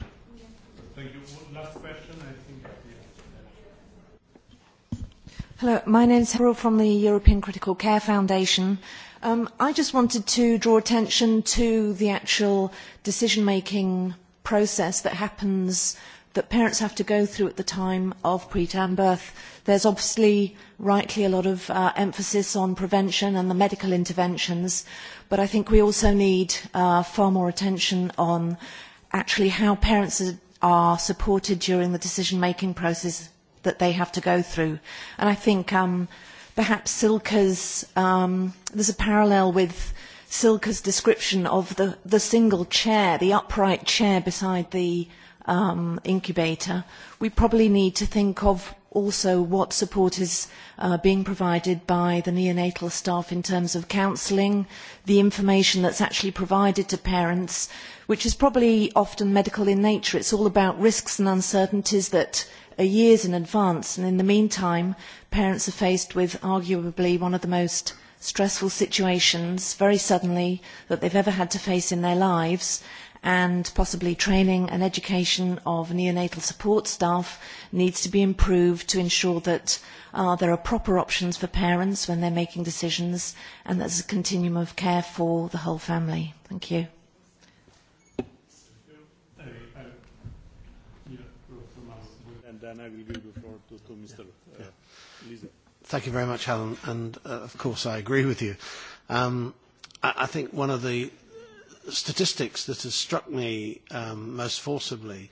Thank you. Last question. Hello, my name is from the European Critical Care Foundation I just wanted to draw attention to the actual decision-making process that happens, that parents have to go through at the time of preterm birth. There's obviously, rightly, a lot of emphasis on prevention and the medical interventions, but I think we also need far more attention on actually how parents are supported during the decision-making process that they have to go through. And I think perhaps there there's a parallel with Silke's description of the, the single chair, the upright chair beside the incubator. We probably need to think of also what support is being provided by the neonatal staff in terms of counselling, the information that's actually provided to parents, which is probably often medical in nature. It's all about risks and uncertainties that years in advance and in the meantime parents are faced with arguably one of the most stressful situations very suddenly that they've ever had to face in their lives and possibly training and education of neonatal support staff needs to be improved to ensure that there are proper options for parents when they're making decisions and there's a continuum of care for the whole family. Thank you. Mr. Uh, Thank you very much, Alan. And of course, I agree with you. Um, I, I think one of the statistics that has struck me most forcibly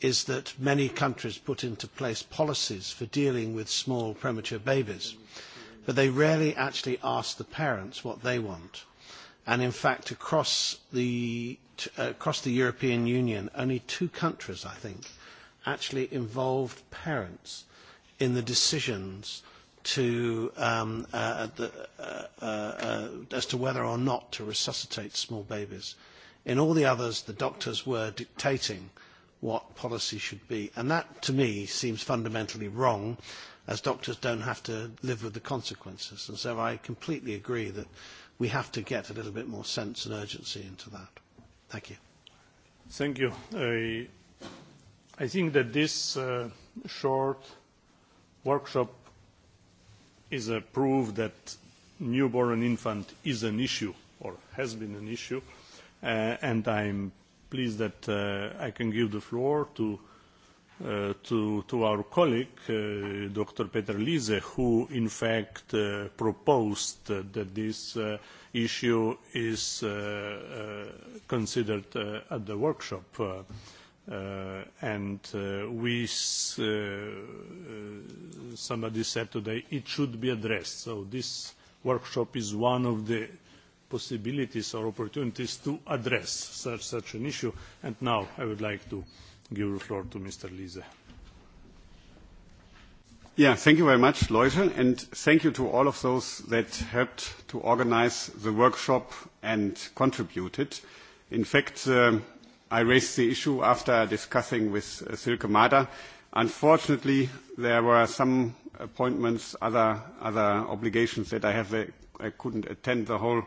is that many countries put into place policies for dealing with small premature babies, but they rarely actually ask the parents what they want. And in fact, across the, across the European Union, only two countries, I think, actually involved parents in the decisions to as to whether or not to resuscitate small babies. In all the others, the doctors were dictating what policy should be, and that, to me, seems fundamentally wrong, as doctors don't have to live with the consequences. And so I completely agree that we have to get a little bit more sense and urgency into that. Thank you. Thank you. I think that this short workshop is a proof that newborn infant is an issue or has been an issue, and I'm pleased that I can give the floor to to our colleague, Dr. Peter Liese, who in fact proposed that this issue is considered at the workshop and we somebody said today it should be addressed so this workshop is one of the possibilities or opportunities to address such such an issue and now i would like to give the floor to mr liese yeah thank you very much leute and thank you to all of those that helped to organize the workshop and contributed in fact I raised the issue after discussing with Silke Mader. Unfortunately, there were some appointments, other obligations that I have. I couldn't attend the whole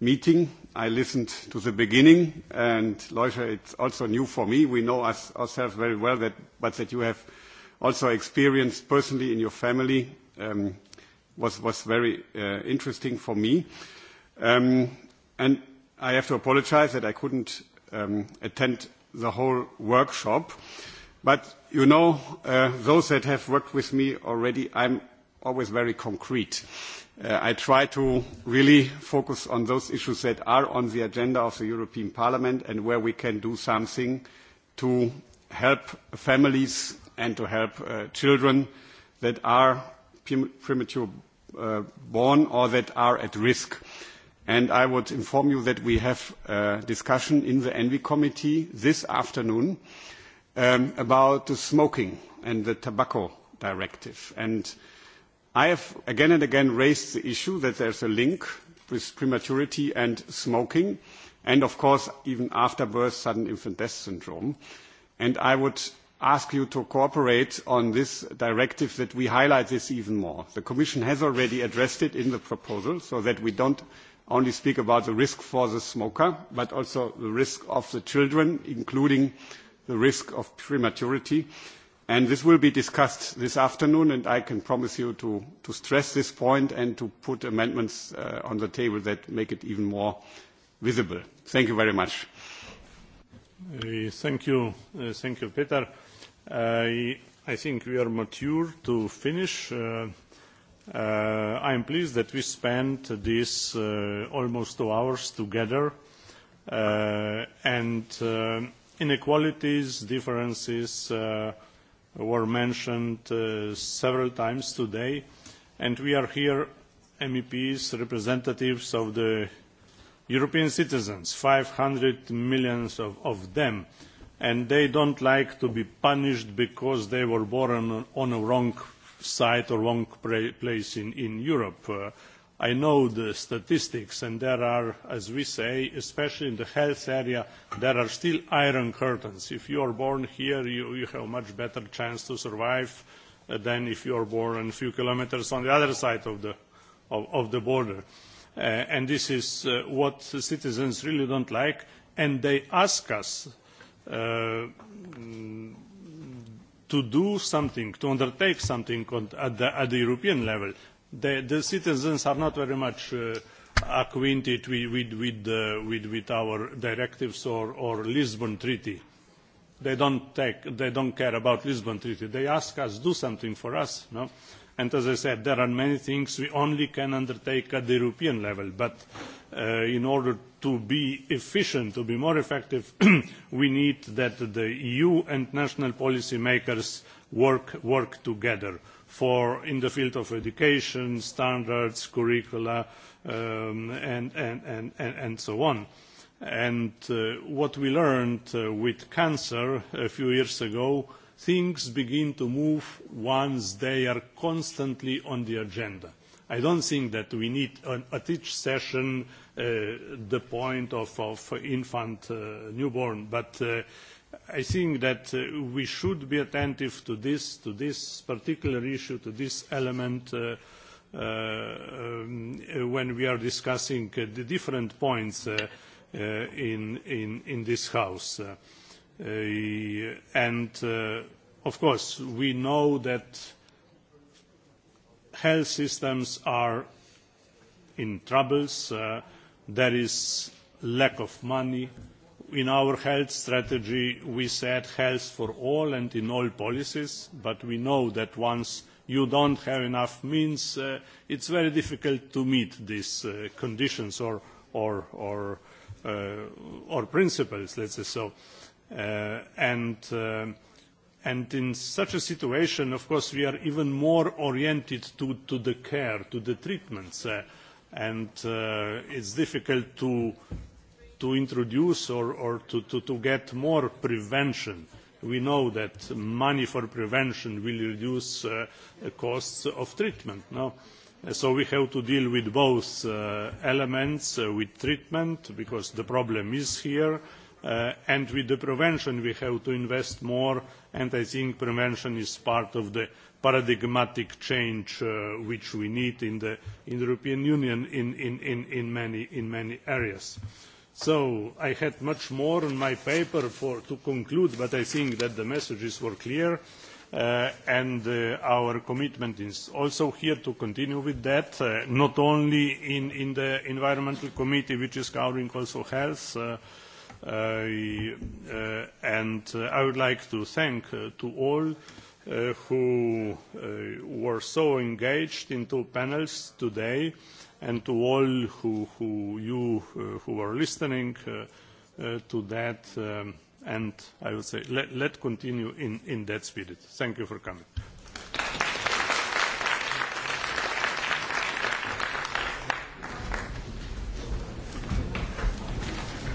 meeting. I listened to the beginning, and Leusha, it's also new for me. We know ourselves very well, that but that you have also experienced personally in your family was very interesting for me. And I have to apologize that I couldn't attend the whole workshop. But, you know, those that have worked with me already, I'm always very concrete. I try to really focus on those issues that are on the agenda of the European Parliament and where we can do something to help families and to help children that are premature born or that are at risk and I would inform you that we have a discussion in the ENVI committee this afternoon about the smoking and the tobacco directive. And I have again and again raised the issue that there is a link with prematurity and smoking, and of course even after birth sudden infant death syndrome. And I would ask you to cooperate on this directive that we highlight this even more. The Commission has already addressed it in the proposal so that we don't only speak about the risk for the smoker, but also the risk of the children, including the risk of prematurity. And this will be discussed this afternoon, and I can promise you to stress this point and to put amendments on the table that make it even more visible. Thank you very much. Thank you. Thank you, Peter. I think we are mature to finish. I am pleased that we spent these almost two hours together and inequalities, differences were mentioned several times today and we are here MEPs, representatives of the European citizens, 500 million of them, and they don't like to be punished because they were born on a wrong site or wrong place in Europe. I know the statistics, and there are, as we say, especially in the health area, there are still iron curtains. If you are born here, you have a much better chance to survive than if you are born a few kilometers on the other side of the border. And this is what citizens really don't like, and they ask us to do something, to undertake something at the European level. The citizens are not very much acquainted with our directives or Lisbon Treaty. They don't care about Lisbon Treaty. They ask us do something for us. And as I said, there are many things we only can undertake at the European level. But in order to be efficient, to be more effective, we need that the EU and national policymakers work together for in the field of education, standards, curricula, and so on. And what we learned with cancer a few years ago, things begin to move once they are constantly on the agenda I don't think that we need at each session the point of infant newborn, but I think that we should be attentive to this, to this particular issue, to this element when we are discussing the different points in this House. And of course, we know that health systems are in troubles. There is lack of money. In our health strategy, we said health for all and in all policies, but we know that once you don't have enough means, it's very difficult to meet these conditions or principles, let's say so. And And in such a situation, of course, we are even more oriented to the care, to the treatments, and it's difficult to introduce or to get more prevention. We know that money for prevention will reduce the costs of treatment. So we have to deal with both elements, with treatment, because the problem is here and with the prevention we have to invest more and I think prevention is part of the paradigmatic change which we need in the European Union in many areas. So I had much more on my paper to conclude, but I think that the messages were clear and our commitment is also here to continue with that, not only in the Environmental Committee which is covering also health and I would like to thank to all who were so engaged in two panels today and to all who you who were listening to that and I would say let continue in that spirit. Thank you for coming.